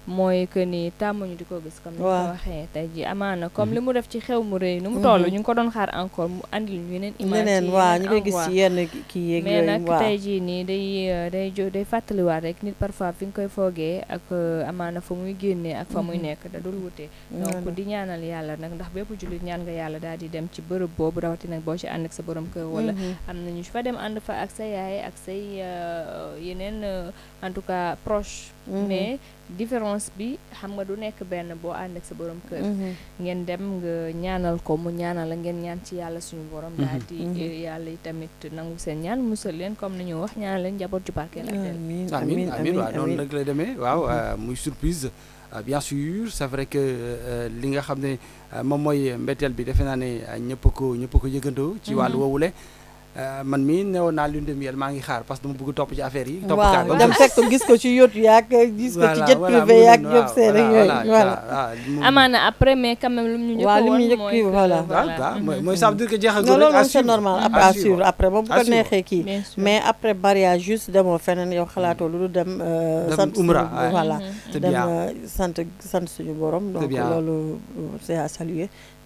A: mooy que ni ñu di ko gis. comme ni ko waxee tey jii amaana comme mm-hmm. li mu def ci xew mu rëy. nu mu mm-hmm. toll ñu ngi ko doon xaar encore mu andil ñu yeneen. image yi yeneen waaw ah, gis ci yenn kii yeeg yooyu mais nag tey jii nii day euh, day jo day fàttaliwaat rek nit parfois fi nga koy foogee ak euh, amaana fa muy génnee ak fa muy mm-hmm. nekk da dul wute. donc di ñaanal yàlla nag ndax bépp jullit ñaan nga yàlla daal di dem ci bërëb boobu rawatina boo ci ànd ak sa borom kër. wala am na ñu fa dem ànd fa ak sa yaay ak say euh, yeneen tout cas réponse bi xam nga du nekk benn boo ànd ak sa borom kër. Mhm. ngeen dem nga ñaanal ko mu ñaanal la ngeen ñaan ci yàlla suñu borom. Mhm. daal di mhm. eh, yàlla tamit nangu seen ñaan musal leen comme ni ñu wax ñaanal leen jaboot ju barkeel ak amiin amiin amiin waaw
C: demee waaw euh, muy surprise. Euh, bien sûr c'est vrai que euh, li nga xam ne moom mooy mbetteel bi defe naa ne ñëpp ko ñëpp ko yëgandoo. ci wàllu woowule. Euh, man mii newoon naa lune de miel maa ngi xaar parce que dama bëgg topp ci affaire yi.
B: topp dem fekk gis ko ci yóotu yaag gis ko ci jet privé yaag yëpp seen
A: ah, après mais quand même lu mu mooy voilà waaw
B: mm-hmm. mooy ça veut dire que jeexagul loolu moom c'est normal après à suivre après ba bu ko neexee kii mais après mariage juste demoo feneen yow xalaatoo lu lu euh, dem sant umra voilà euh, sant sant suñu borom donc loolu c'est à saluer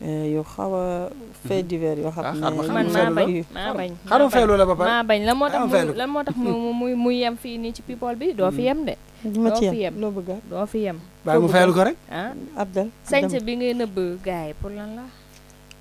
B: Eh, yu xaw a fait divers yoo xam
A: ah, ne man maa bañ maa bañ xarum feelu la ba pare maa bañ lan moo tax lan mu mu yem fii nii ci people bi doo fi mm. yem de doo fi yem loo bëgg doo fi yem bàyyi mu feelu ko rek ah sañse bi ngay nëbb gars yi pour lan la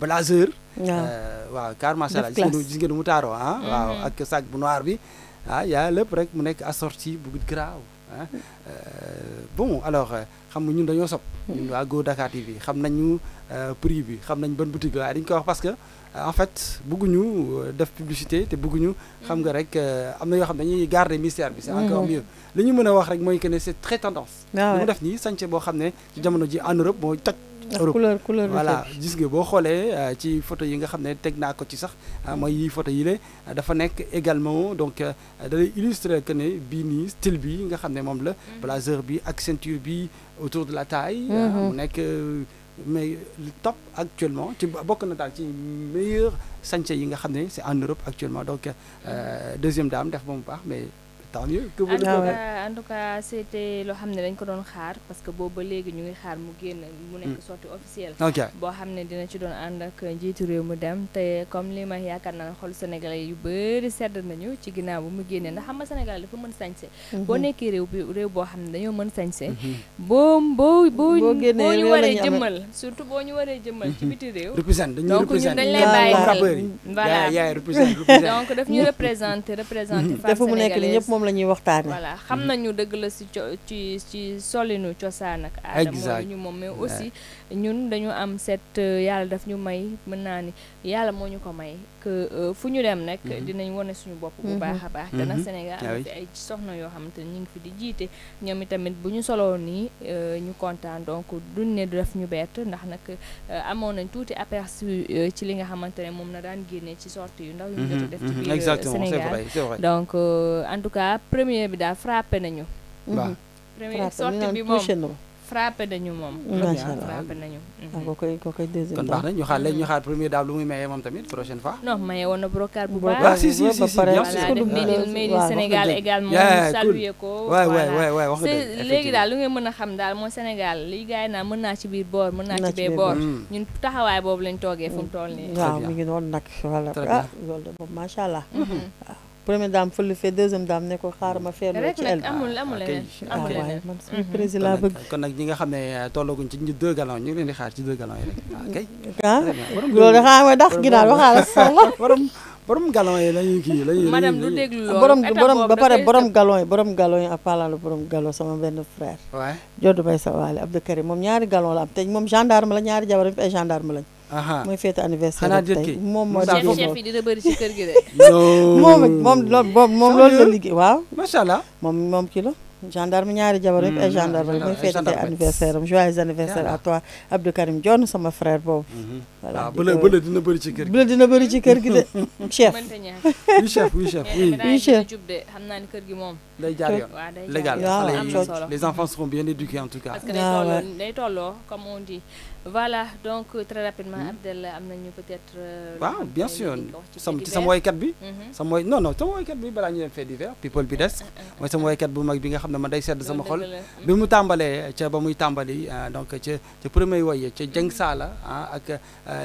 C: blazer. Euh, waaw car macha c'est gis ngeen sac noir bi ah a rek assorti ah. euh, bon alors nous, euh, nga ñun dañoo mm-hmm. ñun Dakar TV xam nañu prix bi xam ban boutique parce que en fait beaucoup def publicité te bëgguñu xam nga mm-hmm. rek am na xam mystère c'est mm-hmm. encore mieux li ñu a wax rek que très tendance. Nous, ah def nii en Europe voilà gis nga boo xoolee euh, ci photo yi nga xam ne teg naa ko ci sax euh, mooy yi photo yi le euh, dafa nekk également donc de illustrer que ne bii nii style bi nga xam ne moom la mm. blazer bi ak ceinture bi autour de la taille mm-hmm. mu nekk mais top actuellement ci bokk na daal ci meilleur sañse yi nga xam c'est en Europe actuellement donc deuxième dame def ba mais tant mieux que
A: xam ne dañ ko doon xaar parce que boobu ba léegi ñu ngi xaar mu génn mu nekk mm. sortie officielle boo xam ne dina ci doon ànd ak njiitu réew mu dem te comme li ma yaakaar naa xol sénégalais yu bëri sedd nañu ci ginnaaw bu mu génnee ndax xam nga sénégalais dafa mën sañse mhm. boo nekkee réew bi réew boo xam ne dañoo mën sañse mhm. boo boo boo boo ñu waree jëmmal surtout boo ñu waree jëmmal ci mhm. biti réew donc ñun dañ lay bàyyi xel voilà donc daf ñu représenté représenté moom ñuy waxtaanee. voilà xam mm-hmm. nañu dëgg la si co ci ci solinu cosaan ak aada. ñu moom mais aussi. ñun dañu am set euh, yàlla daf ñu may mën naa ni yàlla moo ñu ko may que euh, fu ñu dem nag mhm. dinañ wane suñu bopp bu mhm. baax a baax te nag mhm. Sénégal ah am fi ay soxna yoo xamante ne ñu ngi fi di jiite ñoom itamit bu ñu soloo nii euh, ñu kontaan donc duñ ne daf ñu bett ndax nag amoon nañ tuuti aperçu ci li nga xamante ne moom na daan génnee ci sortie yu ndaw yu ñu jot a def ci biir Sénégal donc en tout cas premier bi daal frappé nañu premier sortie bi moom frappé nañu moom. macha allah frappé nañu.
B: ko ko koy deuxième na ñu xaar léegi ñu xaar
C: premier daal lu muy maye moom tamit prochaine fois.
A: non maye woon na brocard bu baax. waaw ah, si si si si voilà Sénégal également ñu salué ko. waay waay waay waay léegi daal lu ngay mën a xam daal mooy Sénégal li gars naa naan mën naa ci biir boor mën naa ci bee boor. Mm. ñun taxawaay boobu lañ toogee fu mu mm. toll nii. waaw mi ngi noonu
B: nag voilà ah
A: loolu allah. Mhm.
B: Ah. première dame fële fee deuxième dame ne ko xaaral ma feerloo ci elle amul amul ah, leneen ah, amul leneen ah, man mhm. suñu président laa bëgg
C: kon nag ñi nga xam ne euh, tollaguñ ci ñu deux gallons ñu ngi di xaar ci deux gallons yi rek ah kay ah loolu dafa am dax gi daal [LAUGHS]
B: borom galon yi la ñuy kii la ñuy madame du déglu ah, loolu borom borom ba pare borom galon yi borom galon yi en parlant de borom galon sama benn frère. waay
A: Jodou Bay sa waale
B: Abdou Karim moom ñaari galon la am te moom gendarme la ñaari jabaram fi ay gendarme lañ. mooy fête anniversaire bi tey moom moo di chef
A: yi dina bëri ci kër gi de.
B: [LAUGHS] moom moom loolu moom loolu la liggéey waaw. macha allah moom moom kii la. gendarme ñaari jabar hmm. rek gendarme anniversaire joyeux anniversaire à toi Abdou John sama frère bob hmm. ah,
C: dina
B: ci kër gi. [LAUGHS] [LAUGHS] chef oui chef chef chef
A: les enfants
C: seront bien éduqués en tout cas. parce que ah,
A: comme on dit voilà donc euh, très rapidement. Hmm. Abdel amna ñu peut-être. ah
C: bien sûr sam ci sama woykat bi. Mhm. sama woy non non sama kat bi balaa ñu fait divers people bi des. Ah, ah, ah. mooy sama kat bu mag bi nga xamne ne man day sedd sama xol. Hmm. bi mu tambalé ci ba muy tambali donc ci ca premier woy ci Jeng hmm. sala ak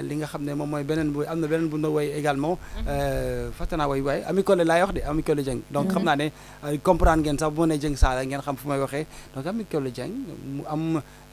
C: li nga xamne mom moy benen bu amna benen bu ñu woy également. Euh, fàtte naa woy waaye Ami Collé laay wax de Ami Collé Jeng. donc xamna né comprendre ngeen sax bu ma nee Jeng sala ngeen xam fu may waxee donc Ami Collé Jeng mu am.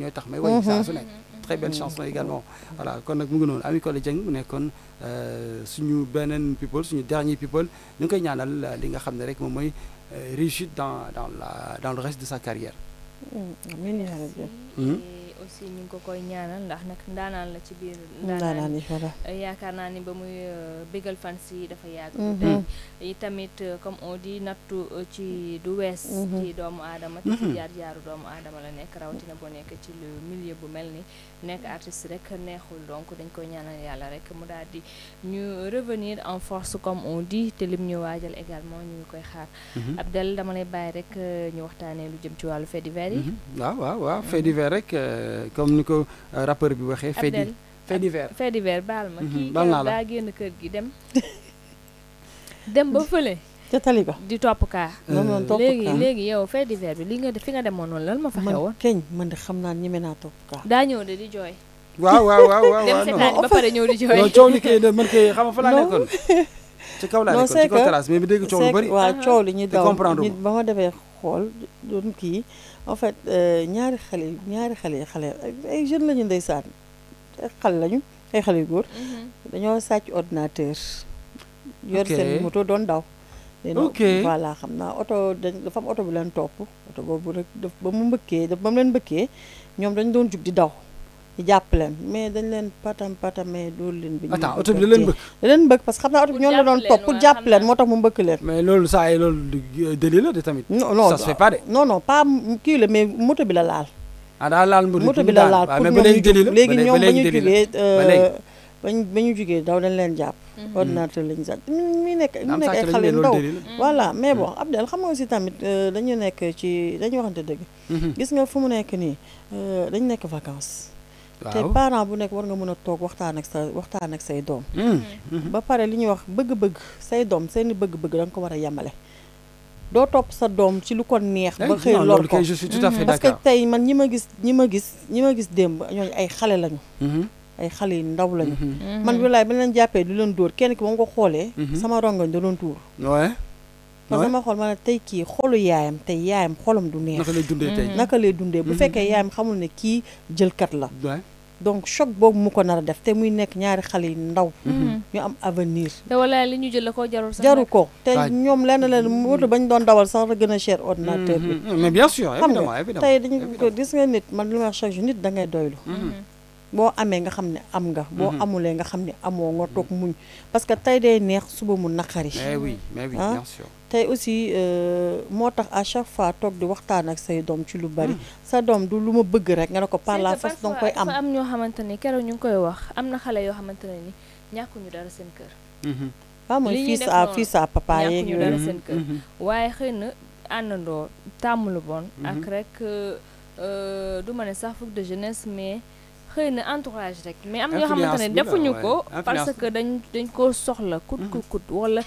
C: Mhm. très belle chanson également voilà kon nous mu ngi Ami euh, people suñu dernier people ñu koy ñaanal euh, li nga euh, dans dans la dans le reste de sa carrière
A: mm, aussi ñu ngi ko koy ñaanal ndax nag ndaanaan la ci biir ndaanaan yi voilà yaakaar naa ni ba muy euh, bégal fans yi dafa yàgg mhm. tey tamit euh, comme on dit nattu euh, ci du wees mhm. ci doomu aadama te ci mhm. jaar jaaru doomu aadama la nekk rawatina boo nekk ci le milieu bu mel ni nek artiste rek neexul donc dañ koy ñaanal yàlla rek mu daal di ñu revenir en force comme on dit te lim ñu waajal également ñu ngi koy xaar. Mhm. Abdel dama lay bàyyi rek euh, ñu waxtaanee lu jëm ci wàllu fait divers yi. Mhm.
C: waaw waaw waaw fait divers rek euh, comme ni ko euh, rappeur bi waxee. fait divers
A: fait divers fait baal ma. Mhm, kii daa génn kër gi dem [LAUGHS] dem ba fële. ca tali ba di topp kaa. léegi léegi yow fait divers bi li nga fi nga demoon noonu lan ma fa xewoon. man keñ mën de xam naa ñeme naa topp kaa. daa ñëw de di jooy. waaw waaw waaw waaw ba pare ñëw di coow li kay
C: de man kay kaw laa nekkoon ci kaw terrasse mais bi dégg ah. ñu daw nit
B: ba ma demee xool doon kii en fait euh, ñaari xale ñaari xale xale ay jeunes lañu ndeysaan ay xale lañu ay xale yu góor. Mhm. dañoo sàcc ordinateur.
A: yor seen moto
B: doon daw. ok voilà xam naa oto dañ dafa am oto bu leen topp oto boobu rek daf ba mu mbëkkee daf ba mu leen mbëkkee ñoom dañ doon jug di daw ñu jàpp leen mais dañ leen patam patamee dóor leen bi attends oto leen bëgg da leen parce que xam naa oto bi ñoom la doon topp pour jàpp leen moo tax mu mbëkk leen mais loolu saa yi loolu euh, délit de tamit non non ça se fait kii la mais moto bi la laal ah daa laal moto bi la laal ah, pour ñoom léegi ñoom ba jugee euh, bañ ba ñu jugee daw dañ leen jàpp. Mm-hmm. ordinateur lañu sa mi nekk mi nekk ay xale yu ndaw voilà mm-hmm. mais bon Abdel xam nga aussi tamit euh, dañu nekk ci dañu waxante dëgg. Mm-hmm. gis nga fu mu nekk nii euh, dañ nekk vacance te parent bu nekk war nga mën a toog waxtaan ak sa waxtaan ak say doom. ba pare li ñuy wax bëgg-bëgg say doom seen bëgg-bëgg da ko war a yemale. doo topp sa doom ci lu ko neex. ba eh, xëy lor ko je suis tout parce que tey man ñi ma gis ñi ma gis ñi ma gis démb ñooñu ay xale lañu. ay xale yu ndaw lañu. Mhm. Mhm. man walaay ba leen jàppee du leen dóor kenn ki ba mu ko xoolee. Mhm. sama rongoñ da doon tuur. waaye. parce que ma xool ma ne tey kii xolu yaayam tey yaayam xolam du neex. naka lay naka lay dundee. bu fekkee yaayam xamul ne kii jëlkat la. donc choc boobu mu ko nar a def te muy nekk ñaari xale yu ndaw. ñu am avenir.
A: te wala li ñu jël la ko jarul sax jaru ko te
B: ñoom lenn leen moto bañ doon dawal sax la gën a cher ordinateur bi. mais bien sûr xam nga tey dañu ko gis nga nit man li ma wax chaque jour nit da ngay doylu. boo amee nga xam ne am nga mhm. boo amulee nga xam ne amoo nga toog muñ parce que tey day neex suba mu naqari mais eh oui mais oui ah. tey aussi euh, moo tax à chaque fois toog di waxtaan ak say doom ci lu bari mhm. sa doom du lu ma bëgg rek nga ne ko par la force danga koy am
A: am ñoo xamante ni keroog ñu ngi koy wax am na xale yoo xamante ne ni ñàkkuñu dara seen kër
B: waaw mhm. ah, mooy fii sa fii sa papa yeeg ñu dara seen kër
A: waaye xëy na àndandoo tàmm lu bon ak rek euh, euh, du ma ne sax fukk de jeunesse mais xëy na entourage rek mais am na yoo defuñu parce que dañ soxla wala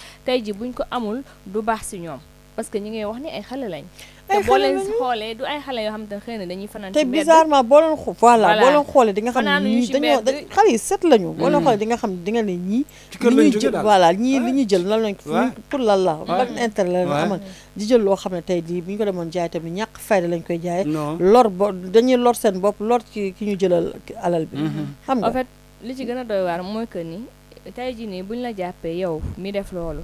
A: ji parce que ñu ngay wax ni ay xale lañ. te xoolee du ay xale yoo xam te xëy na dañuy fanaan ci mbedd te bizarrement boo leen xoo voilà boo leen
B: xoolee di nga xam ne ñii xale yi set lañu boo leen mm. xoolee di nga xam ne di nga ne ñii li ñuy jël voilà ñii li ñuy la ban la lañ amal di jël loo xam ne tey jii bu ñu ko demoon jaay tamit ñàkk fayda lañ koy jaay lor bo dañuy lor seen bopp lor ci ki ñu jëlal alal bi mm-hmm. xam nga en
A: li ci gën a doy waar mooy que ni tey jii nii buñ la jàppee yow mi def loolu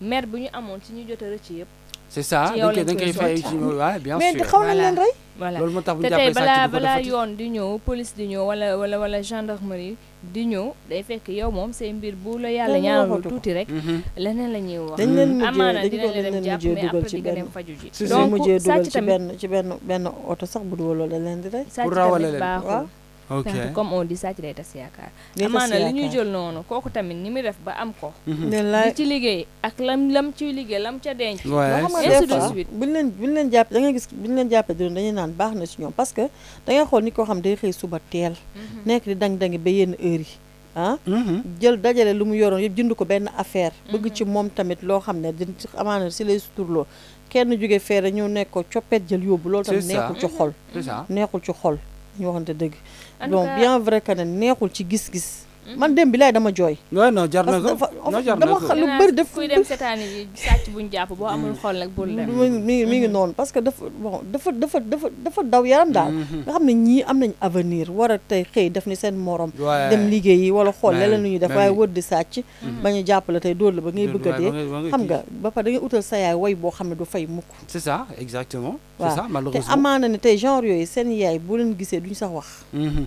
A: mer bu ñu amoon ci ñu jot a rëcc yëpp. c'est ça dañ koy dañ koy fay ci waaw bien sûr xaw nañ leen rey.
C: voilà loolu moo tax bu jàppee sàcc balaa balaa
A: yoon di ñëw police di ñëw wala wala wala gendarmerie di ñëw day fekk yow moom say mbir bu la yàlla ñaanalul tuuti rek. Mhm. leneen la ñuy wax. dañ leen mujjee amaana dina leen jàpp mais après faju ji. donc sàcc tamit
B: ci benn benn oto sax bu dul loolu leen di rey. sàcc tamit baaxul.
A: donc comme on dit sàcc day tas yaakaar amaana li ñuy jël noonu kooku tamit ni muy def ba am ko mhm. li ci liggéey ak lam lam ciy liggéey lam ca denc xam nga de
B: leen buñ leen jàpp da ngay gis buñ leen jàppe doon dañuy naan baax na si parce que da ngay ni koo xam day xëy suba teel mhm. nekk di dang-dangi ba yenn heure yi ah mhm. jël dajale lu mu yoroon yëpp jund ko benn affaire bëgg ci moom tamit loo xam ne din amaana si lay suturloo kenn jóge feere ñëw nekk ko coppet jël yóbbu loolu tamit neexul ci xol neexul ci xol ñu waxante dëgg. bon bien vrai que ne neexul ci gis-gis. man dem bi laay dama jooy. non non jar na ko
A: non jar na ko dama lu bëri jàpp boo amul xol nag bul dem. mi mi
B: ngi noonu parce que dafa bon dafa dafa dafa daw yaram daal. Mm-hmm. nga xam ne ñii am nañ avenir war a tey xëy def ni seen morom. dem liggéey yi wala xool leen lu ñuy def waaye wër di sàcc. Mm-hmm. bañ a jàpp la tey dóor la ba ngay bëgg dee. xam nga ba pare da ngay utal sa yaay woy boo xam ne du fay mukk.
C: c'est ça exactement. c'est ça malheureusement waaw te amaana
B: ne tey genre yooyu seen yaay boo leen gisee du ñu sax wax.
C: Mm-hmm.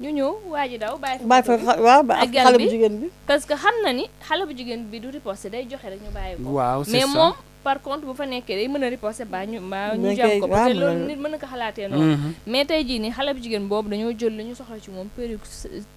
A: ñu ñëw waa ji daw bàyyi fa bàyyi fa waaw xale bu jigéen bi parce que xam na ni xale bu jigéen bi du riposte day joxe rek ñu bàyyi ko waaw mais moom par contre bu fa nekkee day mën a riposte baa ñu baa ñu jàm ko parce que loolu nit mën na ko xalaatee noonu mhm. mais tey jii nii xale bu jigéen boobu dañoo jël li ñu soxla ci moom perruque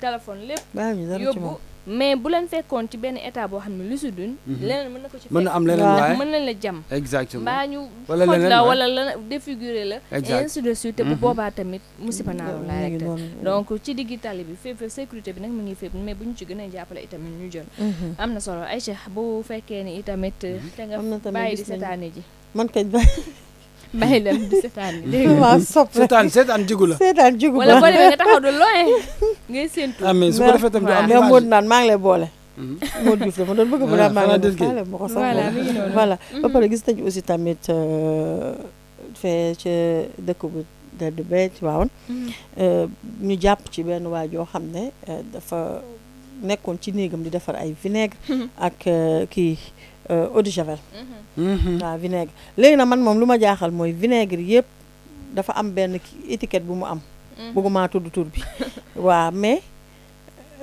A: téléphone lépp yóbbu mais bu leen fekkoon ci benn état boo xam ne lu si dund. Mhm. leneen mën na ko ci fekk mën na am leneen waaye mën nañ la jam. exactement mbaa ñu xot la wala la défigurer la. et ainsi de suite te bu mhm. boobaa tamit musiba naaru laa rek donc ci digg tali bi fépp fépp sécurité bi nag mu ngi fépp mais bu ñu ci gën a jàppale itamit ñu jël. Mhm. am na solo Aïcha bu fekkee ni itamit. te nga bàyyi di seetaane ji man kay bàyyi. [LAUGHS] bàyyi leen di seetaan dégg nga waaw [LAUGHS] seetaan seetaan la seetaan jigu wala boo nga taxaw du loin ngay séentu ah, mais su ko defee tamit mais maa ngi lay boole mhm. Modou Diouf dama doon bëgg mu ah, naan maa ma ko sax voilà mhm. ba pare gis nañu
B: aussi tamit euh, fee ca dëkk bu tedd ba ci waawoon mhm. euh, ñu jàpp ci benn waa joo xam ne euh, dafa nekkoon ci néegam di defar ay vinaigre ak kii Euh, eau de javel. Mm-hmm. Mm-hmm. waaw vinaigre léegi nag man moom lu ma jaaxal mooy vinaigre yëpp dafa am benn étiquette bu mu am. Mm-hmm. bëgguma tudd tur bi [LAUGHS] waaw mais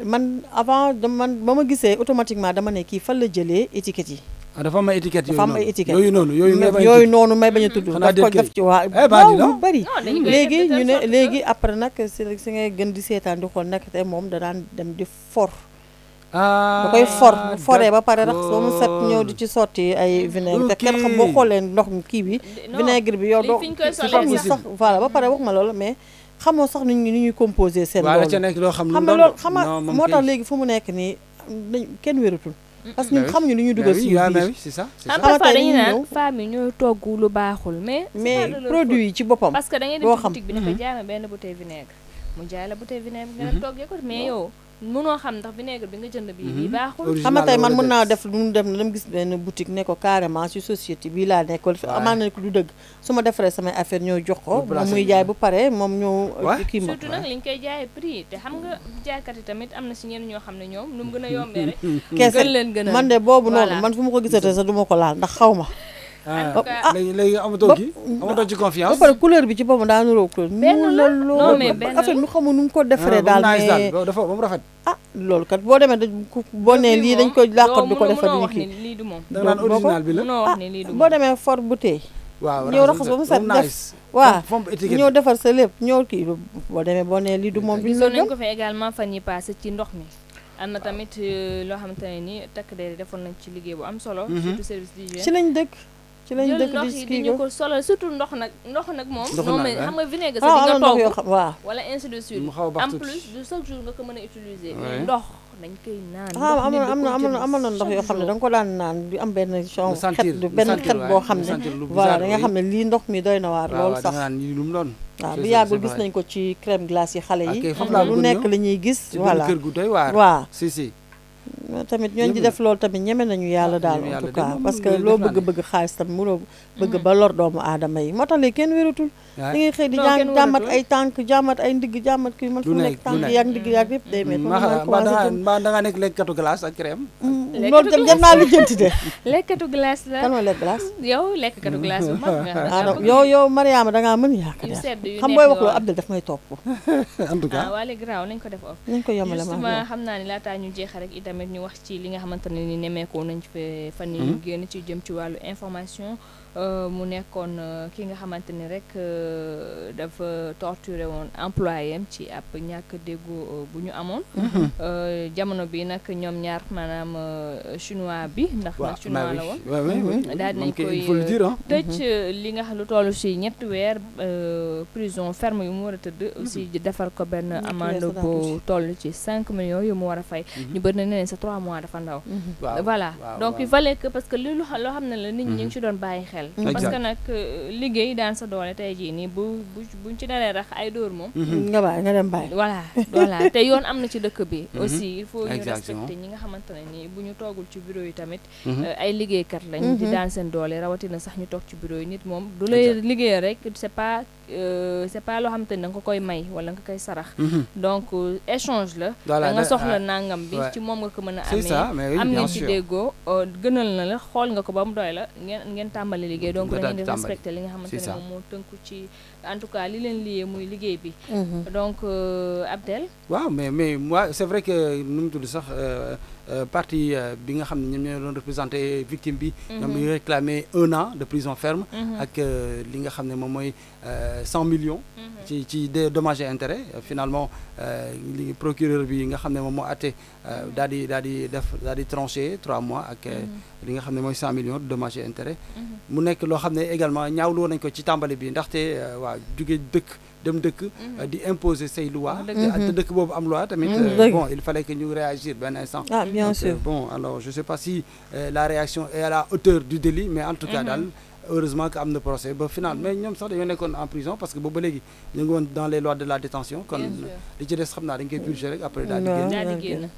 B: man avant man ba ma gisee automatiquement dama ne kii fan la jëlee étiquettes yi.
C: ah dafa am ay étiquettes yooyu noonu yooyu noonu yooyu noonu may bañ a tudd. xanaa def daf ci
B: waa waaw eh, bëri. léegi ñu léegi après nag si si ngay gën di seetaan di xool nag te moom da daan dem di for. Ah, da koy for foree ba pare rax ba mu set ñëw ci sotti ay vinaigre te kenn xam boo xoolee ndox mi kii bi vinaigre bi yow doo xamuñu sax voilà ba pare wax ma loolu mais xamoo sax ni ñuy composé seen loolu xam nga loolu xama moo tax léegi fu mu nekk nii kenn wératul parce que xam ñu lu ñuy
C: dugg suñu biir c'est ça xam nga
A: dañuy ñëw femmes lu baaxul mais mais produit yi ci boppam parce que da ngay dem boutique bi dafa mm-hmm. jaay ma benn bouteille vinaigre mu jaay la bouteille vinaigre nga mm-hmm. ko mais yow mënoo xam ndax vinaigre bi nga jënd bi bii mhm. baaxul xam man mën naa
B: def lu mu dem na dama gis benn boutique ne ko carrément ci société bii laa nekkoon fi amaan na ko du dëgg su ma defaree samay affaire ñoo jox ko moom muy jaay bu pare moom ñoo euh, kii ma surtout nag
A: li ñu koy jaayee prix te xam nga jaaykat yi tamit am na si ñenn ñoo xam ne ñoom nu mu gën a yombee rek [LAUGHS] kees leen gën a man de boobu noonu
B: man fu ma ko gisatee sax du ko laal ndax xaw ma ah léegi léegi amatoo ci amatoo ci confiance. ba pare couleur bi ci boppam daa nuroo couleur. benn la non mais benn la affaire nu xamul nu mu ko ah, defaree. daal mais ba mu rafet. ah loolu kat boo demee dañ lii dañ koy du ko da
A: nga naan original bi la ah boo
B: demee for bouteille. waaw ñëw raxas ba mu set def waaw ñëw defar sa lépp boo demee boo nee lii du moom. duñ la gëm ko
A: fa également fan yi passé ci ndox mi. am na tamit euh, loo xamante ne nii takk dee yi defoon nañ ci liggéey bu am solo. Mhm. surtout service d'hygiène ci lañ dëkk ci lañ dëkk di ñu ko solal surtout ndox nag ndox nag moom moom xam nga vinaigre oh, sax di nga wala ainsi de suite en plus du chaque ko ndox dañ koy naan waaw ah, am am na am na ndox
B: yoo xam ne da nga ko daan naan bi am benn son xet du benn xet boo xam ne voilà da nga xam ne lii ndox mi doy na waar loolu sax
C: lu mu doon waaw bu yàggul gis nañ
B: ko ci crème glace ah, yi xale yi lu nekk la ñuy gis voilà kër gu doy waar waaw si tamit ñooñ di def loolu tamit ñeme nañu yàlla ah, daal en parce que loo bëgg-bëgg xaalis tam mënoo bëgg mm. ba lor doomu aadama yi moo tax léegi kenn wératul
A: ah. da ngay xëy di jàng jàmmat ay
B: tànk jàmmat ay ndigg jàmmat kii man fu nekk tànk yaag ndigg yaag yëpp day met mm.
C: mbaa da ngaa nekk lekkatu glace ak crème
B: mm. loolu tam jëm [LAUGHS]
A: yow lekkatu glace bu mag
B: nga ah da ngaa mën xam booy wax loolu Abdel daf may topp [LAUGHS] en
A: ah, ko def ko yemale ma xam naa ni laataa ñu jeexal rek itamit On wax ci li nga mhm. information Euh, mu nekkoon euh, ki nga xamante ni rek euh, dafa torturé woon employé am ci ab ñàkk déggoo bu ñu amoon. Mhm. jamono bi nag ñoom ñaar maanaam chinois bi. ndax nag chinois la woon dal nañ koy tëj mhm. li nga xam lu toll si ñetti weer prison ferme yu mu war a tëdd. Mhm. aussi defar ko benn amende bu toll ci 5 millions yu mu war a fay. ñu bëri na ne sa 3 mois dafa ndaw. voilà donc il fallait que parce loo xam ne la nit ñi ngi ci doon bàyyi xel. mel parce que nak euh, liggéey dans sa doole tay ji ni bu bu buñ ci dalé rax ay door mom mm-hmm. mm-hmm. nga ba nga dem bay voilà voilà [LAUGHS] té yoon amna ci dëkk bi mm-hmm. aussi il faut ñu respecter ñi nga xamantene ni buñu togul ci bureau yi tamit euh, ay kat lañ di dans sen doole na sax ñu tok ci bureau yi nit mom du lay liggéey rek c'est pas euh, c'est pas lo xamantene dang ko koy may wala nga koy sarax donc échange la nga soxla ah, nangam bi ci mom nga ko mëna amé am ci dégo gënal na la xol nga ko bam doy la ngeen ngeen tàmbali liggéey donc dañuy respecté li nga xamante ne moom moo tënku ci en tout cas li leen lié muy liggéey bi. Mhm. donc euh, Abdel.
C: waaw mais mais moi c'est vrai que nu mu tudd sax euh, euh, parti euh, bi nga xam ne ñoom ñoo doon représenté victime bi. Mhm. ñoom ñu réclamé un an de prison ferme. Mhm. ak li nga xam ne moom mooy cent millions. ci ci de dommages et intérêts finalement li procureur bi nga xam ne moom moo àtte daal di daal di def daal di tranché trois mois ak li nga xam ne mooy cent millions de dommages et intérêts. mu nekk loo xam ne également ñaawlu woon ko ci tàmbali bi ndaxte waaw loi deuk dem deuk mhm. di imposer ces lois te mhm. dëkk boobu am loi tamit mhm. euh, bon il fallait que nous réagir ben instant ah bien euh, sûr bon alors je sais pas si euh, la réaction est à la hauteur du délit mais en tout cas daal heureusement que am procès ba final mais ñoom sax dañoo nekkoon en prison parce que boobu ba léegi ñu dans les lois de la détention comme li ci des xam dañ koy purger après la di génn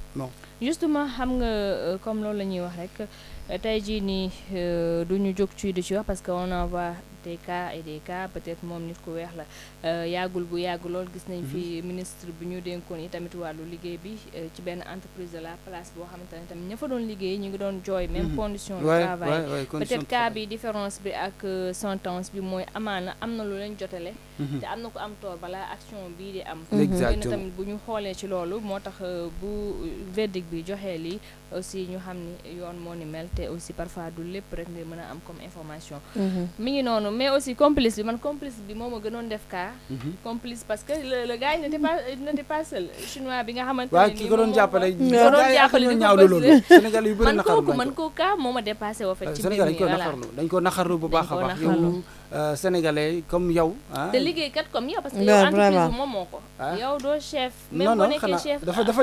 A: justement xam nga comme loolu la ñuy wax rek tey jii nii du ci di ci wax parce que on en va des cas et des cas peut-être moom nit ku weex la euh, yàggul bu yàgg lool gis nañ fi mhm. ministre bi ñu dénkoon yi tamit wàllu liggéey bi euh, ci benn entreprise de la place boo xamante ne tamit ña doon liggéey ñu ngi doon jooy même mhm. condition de travail peut-être cas bi différence bi ak euh, sentence bi mooy amaana am na lu leen jotale mhm. te am na ko am tool balaa action bii di am gën a tamit bu ñu xoolee ci loolu moo tax bu verdict bi joxee lii aussi ñu xam ni yoon moo ni mel te aussi parfois du lépp rek nga mën a am comme information mais aussi complice bi man complice bi moo ma gënoon def kaa. Mhm. complice parce que le le gars yi n'était pas n'était pas seul chinois bi nga xamante ne ko waaw ki ko doon man kooku man kooku kaa moo ma dépassé woo. ci mbir mi voilà
C: dañ ko naxarlu a baax. yow yow. te
A: liggéeykat comme yow ah. moom moo ko. Ah. yow doo chef. même boo nekkee chef dafa ah.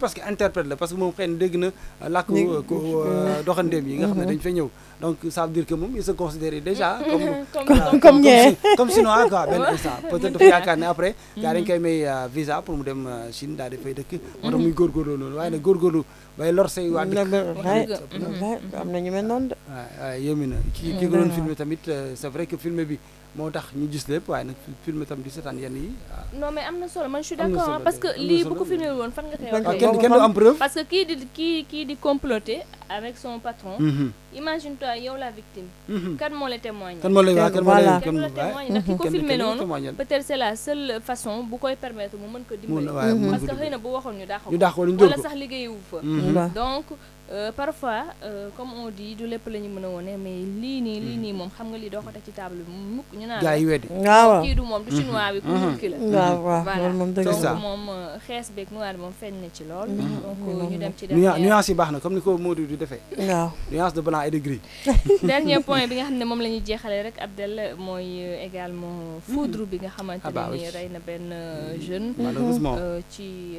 C: parce que interprète la parce que moom xëy na dégg na euh, euh, yi nga xam ne mhm. dañ fa ñëw donc ça veut que moom il se considère déjà. [LAUGHS] comme comme comme ñee comme chinois quoi benn instant. [LAUGHS] peut-être dafa yaakaar ne après. gars mm-hmm. dañ koy may euh, visa pour mu dem euh, Chine daal di fay dëkk. moo tax mm-hmm. muy góorgóorlu loolu waaye nag góorgóorlu bay lor say waa am na ñu mel noonu de. waaw waaw yéemi na. ki ki ko doon filmé tamit euh, c'est vrai que filmé bi. motax ñu gis lepp way nak film itam di seetaan yenn yi
A: non mais amna solo man je suis d'accord hein, parce que li bu ko filmé woon fan nga xew waxee kenn kenn am preuve parce que ki di ki ki di comploter avec son patron mm-hmm. imagine toi yow la victime mm-hmm. kan mo la témoigner kan moo la kan mo moo la témoigne nak ki ko [LAUGHS] filmé non peut-être c'est la seule façon bu koy permettre mu mën ko dimbali parce que xeyna bu waxoon ñu daaxoo ñu daaxoo ñu wala sax liggéeyu fa mm-hmm. donc Euh, parfois euh, comme on dit du lépp la ñu mën a wone mais lii nii lii nii moom xam nga lii doo ko teg ci table bi mukk ñu naa gars yi weddi ah, waaw kii du moom du mhm. chinois bi ku ñuul mhm. la waaw waaw moom dëgg la donc moom euh, moom feeñ na ci lool mhm. donc ñu dem ci nuance
C: yi baax na comme ni ko Modou di defee waaw nuance de blanc et de gris
A: [LAUGHS] dernier point bi nga xam ne moom la ñuy jeexale rek Abdel mooy également foudre bi nga xamante ah ne ni rey na benn jeune malheureusement ci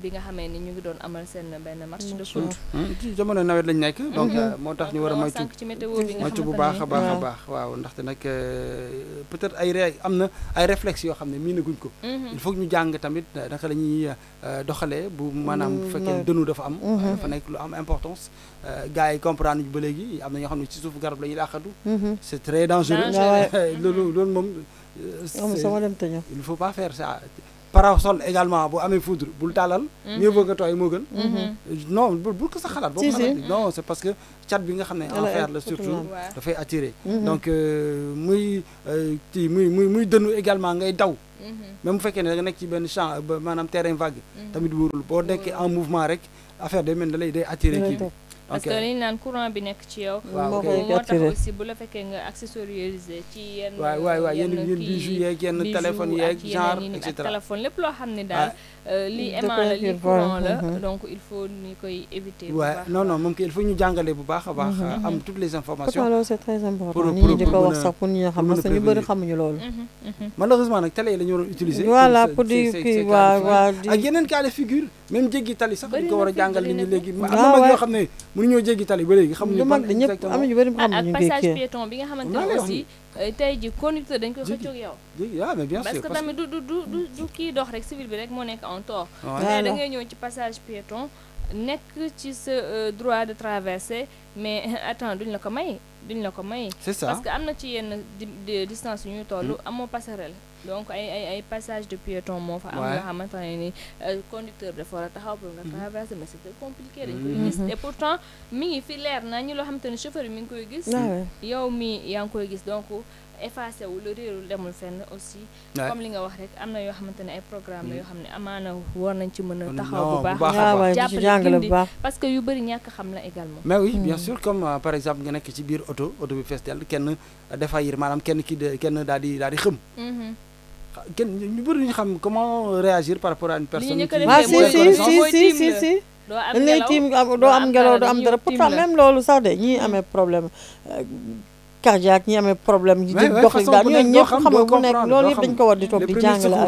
A: bi nga xamee ni ñu ngi doon amal seen benn match de foot
C: ci jamono nawet lañ nekk. donc mhm. euh, moo tax ñu war a moytu bu baax a baax a baax. waaw ndaxte nag euh, peut-être ay re am na ay réflexes yoo xam ne miinaguñ ko. Mhm. il faut ñu jàng tamit euh, naka la ñuy doxalee bu maanaam bu fekkee dënu dafa am. Mhm. dafa nekk lu am importance. gars yi comprendre ñu ba léegi am na ñoo xam ne ci suuf garab la ñuy laaxatu. c'est très dangereux. [LAUGHS] loolu loolu moom. il faut pas faire ça. parasol également bu amé foudre bu talal mhm. mieux vaut que toi moo gën mhm. non bu ko sa xalaat non c'est parce que chat bi nga xamné ne le surtout da fay attirer mhm. donc euh, muy ci euh, muy muy muy également ngay daw même bu né ne nga nekk ci benn champ euh, manam terrain vague tamit wóorul bo nekkee en mouvement rek affaire day mel ne da lay day attirer ki parce i li
A: ñu naan courant bi nekk ci waaw moo tax aussi bu la fekkee nga accessoiriser ci yenn. waay waay yenn yenn bijoux yeeg yenn téléphone yeeg genre et cetera ak téléphone lépp ne ah. daal. Euh, lii aimant la lii courant la donc il faut ñu koy éviter. bu baax
C: non ñu jàngale bu baax a baax. Uh-huh, am uh-huh. toutes les informations. loolu c'est di ko wax sax pour ñu xam parce que ñu bëri
B: xamuñu loolu. Uh-huh,
C: malheureusement nag télé yi la ñu war a utiliser. voilà pour di kii waa waa ak yeneen tali sax dañu ko war a jàngal nit ñi léegi. waaw am na mag ah, xam ne mënuñoo jéggi tali ba léegi. xamuñu ban exactement lu mag
B: ñëpp am na
A: ñu bëri xamuñu. Ah, ak passage piéton Euh, tey conducteur
C: ah, mais bien sûr parce que
A: du du du du rek en tort. passage piéton a ci se euh, droit de traverser, mais [LAUGHS] attends duñ la ko may duñ la c'est ça parce que y ci yenn distance ñu hmm. passerelle. donc ay ay ay passage de piéton moo fa. am nga xamante euh, conducteur dafa war a taxaw hmm. traverser mais c'est compliqué. dañ koy hmm. et pourtant mi fi leer na ñu chauffeur mi ngi koy gis. Ah yow mi yaa ngi koy donc effacé wu la réerul demul fenn aussi. comme li nga wax rek am na yoo xamante ne ay programme la mm. yoo xam ne amaana war nañ ci mën a. taxaw bu baax ah, jàppale gindi parce que yu bëri ñàkk xam la également. mais oui bien
C: mm. sûr comme euh, par exemple nga nekk ci biir oto oto bi fees dell kenn defayir maanaam kenn ki de kenn daal di daal di xëm. Mm-hmm. Ah, kenn ñu bëri ñu xam comment réagir par rapport à une personne. li ah, si
A: si si si. doo am ngelaw doo am ngelaw doo am dara pourtant même
B: loolu sax de ñi amee problème. Euh, cardiaque ñi amee problème yi dox rek daal ñooñu ñëpp xam nga bu nekk loolu yëpp dañ ko war di toog di jàngale la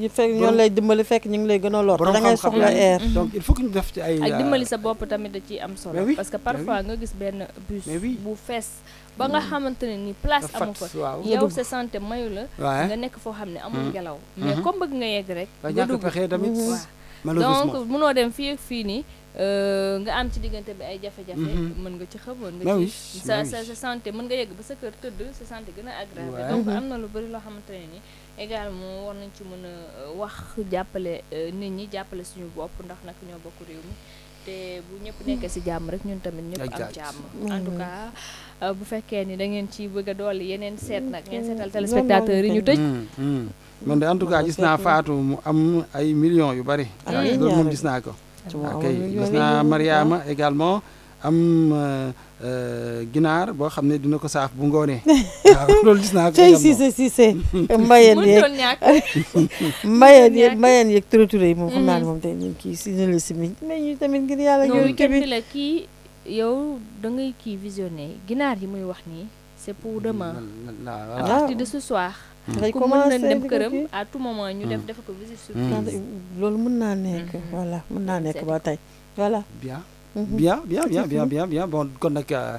B: ñu fekk ñoon lay dimbali fekk ñu ngi lay a soxla air donc il faut que ñu def ci ay euh, dimbali sa
A: bopp tamit da ciy am solo parce que parfois nga gis benn bus bu fees ba nga mm. xamante ni place amu fa yow sa mayu la nga nekk foo xam ne amul mm. ngelaw mm-hmm. mais comme bëgg nga yegg rek mm-hmm. donc mënoo dem fii fii nii Euh, nga am ci diggante bi ay jafe-jafe mhm. mën nga ci xamoon nga ci sa sa sa santé mën nga yegg ba sa kër tëdd sa santé gën a aggravé donc mhm. am na lu bari loo xamante ne ni également war nañ ci mën a euh, wax jàppale euh, nit ñi jàppale suñu bopp ndax nag ñoo bokk réew mi te bu ñëpp nekkee si jàmm rek ñun tamit ñëpp am jàmm en tout cas bu fekkee ni da ngeen ci bëgg a dolli yeneen seet nag ngeen seetal téléspectateurs yi ñu tëj
C: mhm, man de en tout cas gis naa faatu mu am ay millions yu bari loolu moom gis naa ko
B: ok ah, gis
C: naa Mariama également am euh, euh, ginaar boo xam ne dina ko saaf bu ngoonee. [LAUGHS] waaw loolu gis naa ko. tey Cissé Cissé.
B: [LAUGHS] mbayeen yeeg mbayeen [LAUGHS] yeeg mbayeen yeeg yi moom xam naa ne mm. moom tey ñu ngi kii si ne la simi
A: mais ñu tamit ngir yàlla ñëw tamit la kii yow da ngay kii visionné ginaar yi muy wax nii c'est pour mm, demain. à ah, partir de ce soir. day mm. commencé mën na dem këram à tout moment ñu def def ko visite surprise. Mm. Mm. loolu mën naa nekk mm-hmm.
B: voilà mën naa nekk ba tey voilà. bien mm-hmm. bien bien bien
C: bien bien bon kon nag. Euh,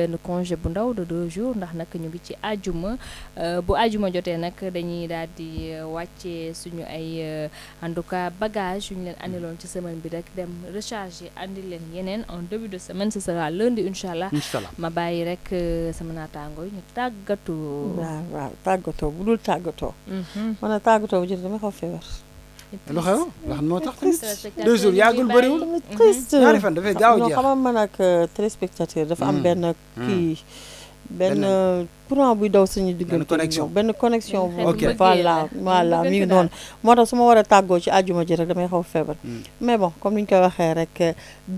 A: benn congé bu ndaw de deux jours ndax nag ñu ngi ci àjjuma euh, bu àjjuma jotee nag dañuy daal di euh, wàccee suñu ay euh, en tout bagage yu ñu leen andiloon ci semaine bi rek dem recharger andi leen yeneen en début de semaine ce sera lundi incha allah. ma bàyyi rek sama naataangoo yi ñu tàggatoo. waaw
B: waaw tàggatoo bu
A: dul tàggatoo.
B: Mhm. man a tàggatoo bu jot dama xaw feebar. لو خيو راح نموت تحت دوزول يا قول بريول عارف انا في داو دي خمام منك تيليسبكتاتير دفع ام بين كي بين courant buy daw suñu diggante connexion benn connexion ok voilà voilà mi ngi noonu moo tax su ma war a tàggoo ci àjjuma ji rek damay xaw feebar mais bon comme ni ñu koy waxee rek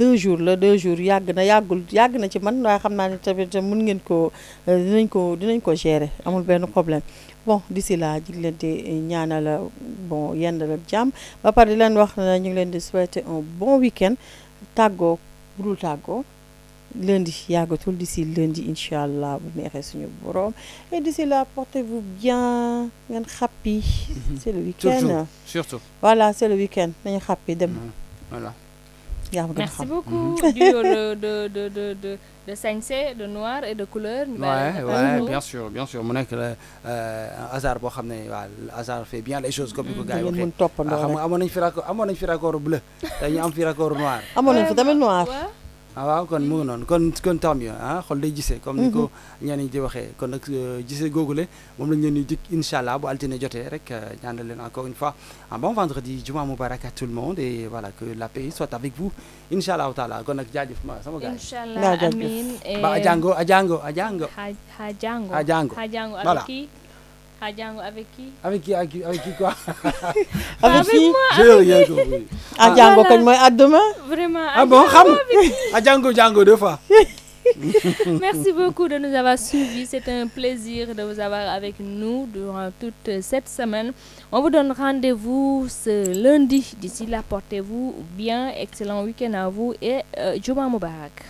B: deux jours la deux jours yàgg na yàggul yàgg na ci man waaye xam naa ne tamit mun ngeen ko dinañ ko dinañ ko gérer amul benn problème bon d'ici là ñu ngi leen ñaanal bon yendal ak jàmm ba par di leen wax ñu ngi leen di souhaiter un bon weekend end tàggoo budul tàggoo lundi yàggatul d'ici lundi incha allah bu neexee suñu borom et d'ici là portez-vous bien ngeen xàppi. Mhm. c'est le week-end surtout voilà c'est le week-end nañu dem.
C: voilà
A: merci beaucoup. Mhm. du [LAUGHS] de, de, de, de, de, de sañse, de noir et de couleur. Oui, ouais, bah, bien
C: sûr, bien sûr. Mon euh, un hasard, bon, xamné, le hasard fait bien les choses comme vous gagnez. Amon nañ fi raccord, amon fi raccord bleu, [LAUGHS] dañu am fi raccord noir. Amon nañ fi tamit noir ah waaw kon mu ngi noonu kon kon tant mieux ah xol day gisee comme ni ko mhm. ñenn di waxee kon nag euh, gisee googule moom lañ ñu di dikk incha allah bu altine jotee rek euh, ñaanal leen encore une fois un bon vendredi juma mubarak à tout le monde et voilà que la paix soit avec vous incha allahu taala kon nag jaajëf ma sama gars incha allah amiin ba ajango ajango ajango
A: ajango ajango voilà a avec qui
C: Avec qui Avec qui, avec qui quoi [LAUGHS]
A: Avec qui Je n'ai rien ah, ah. quand moi, à demain Vraiment. Ah bon
B: ah, Django, deux fois. [LAUGHS] Merci
A: beaucoup de nous avoir suivis. C'est un plaisir de vous avoir avec nous durant toute cette semaine. On vous donne rendez-vous ce lundi. D'ici là, portez-vous bien. Excellent week-end à vous et euh, Juma Mubarak.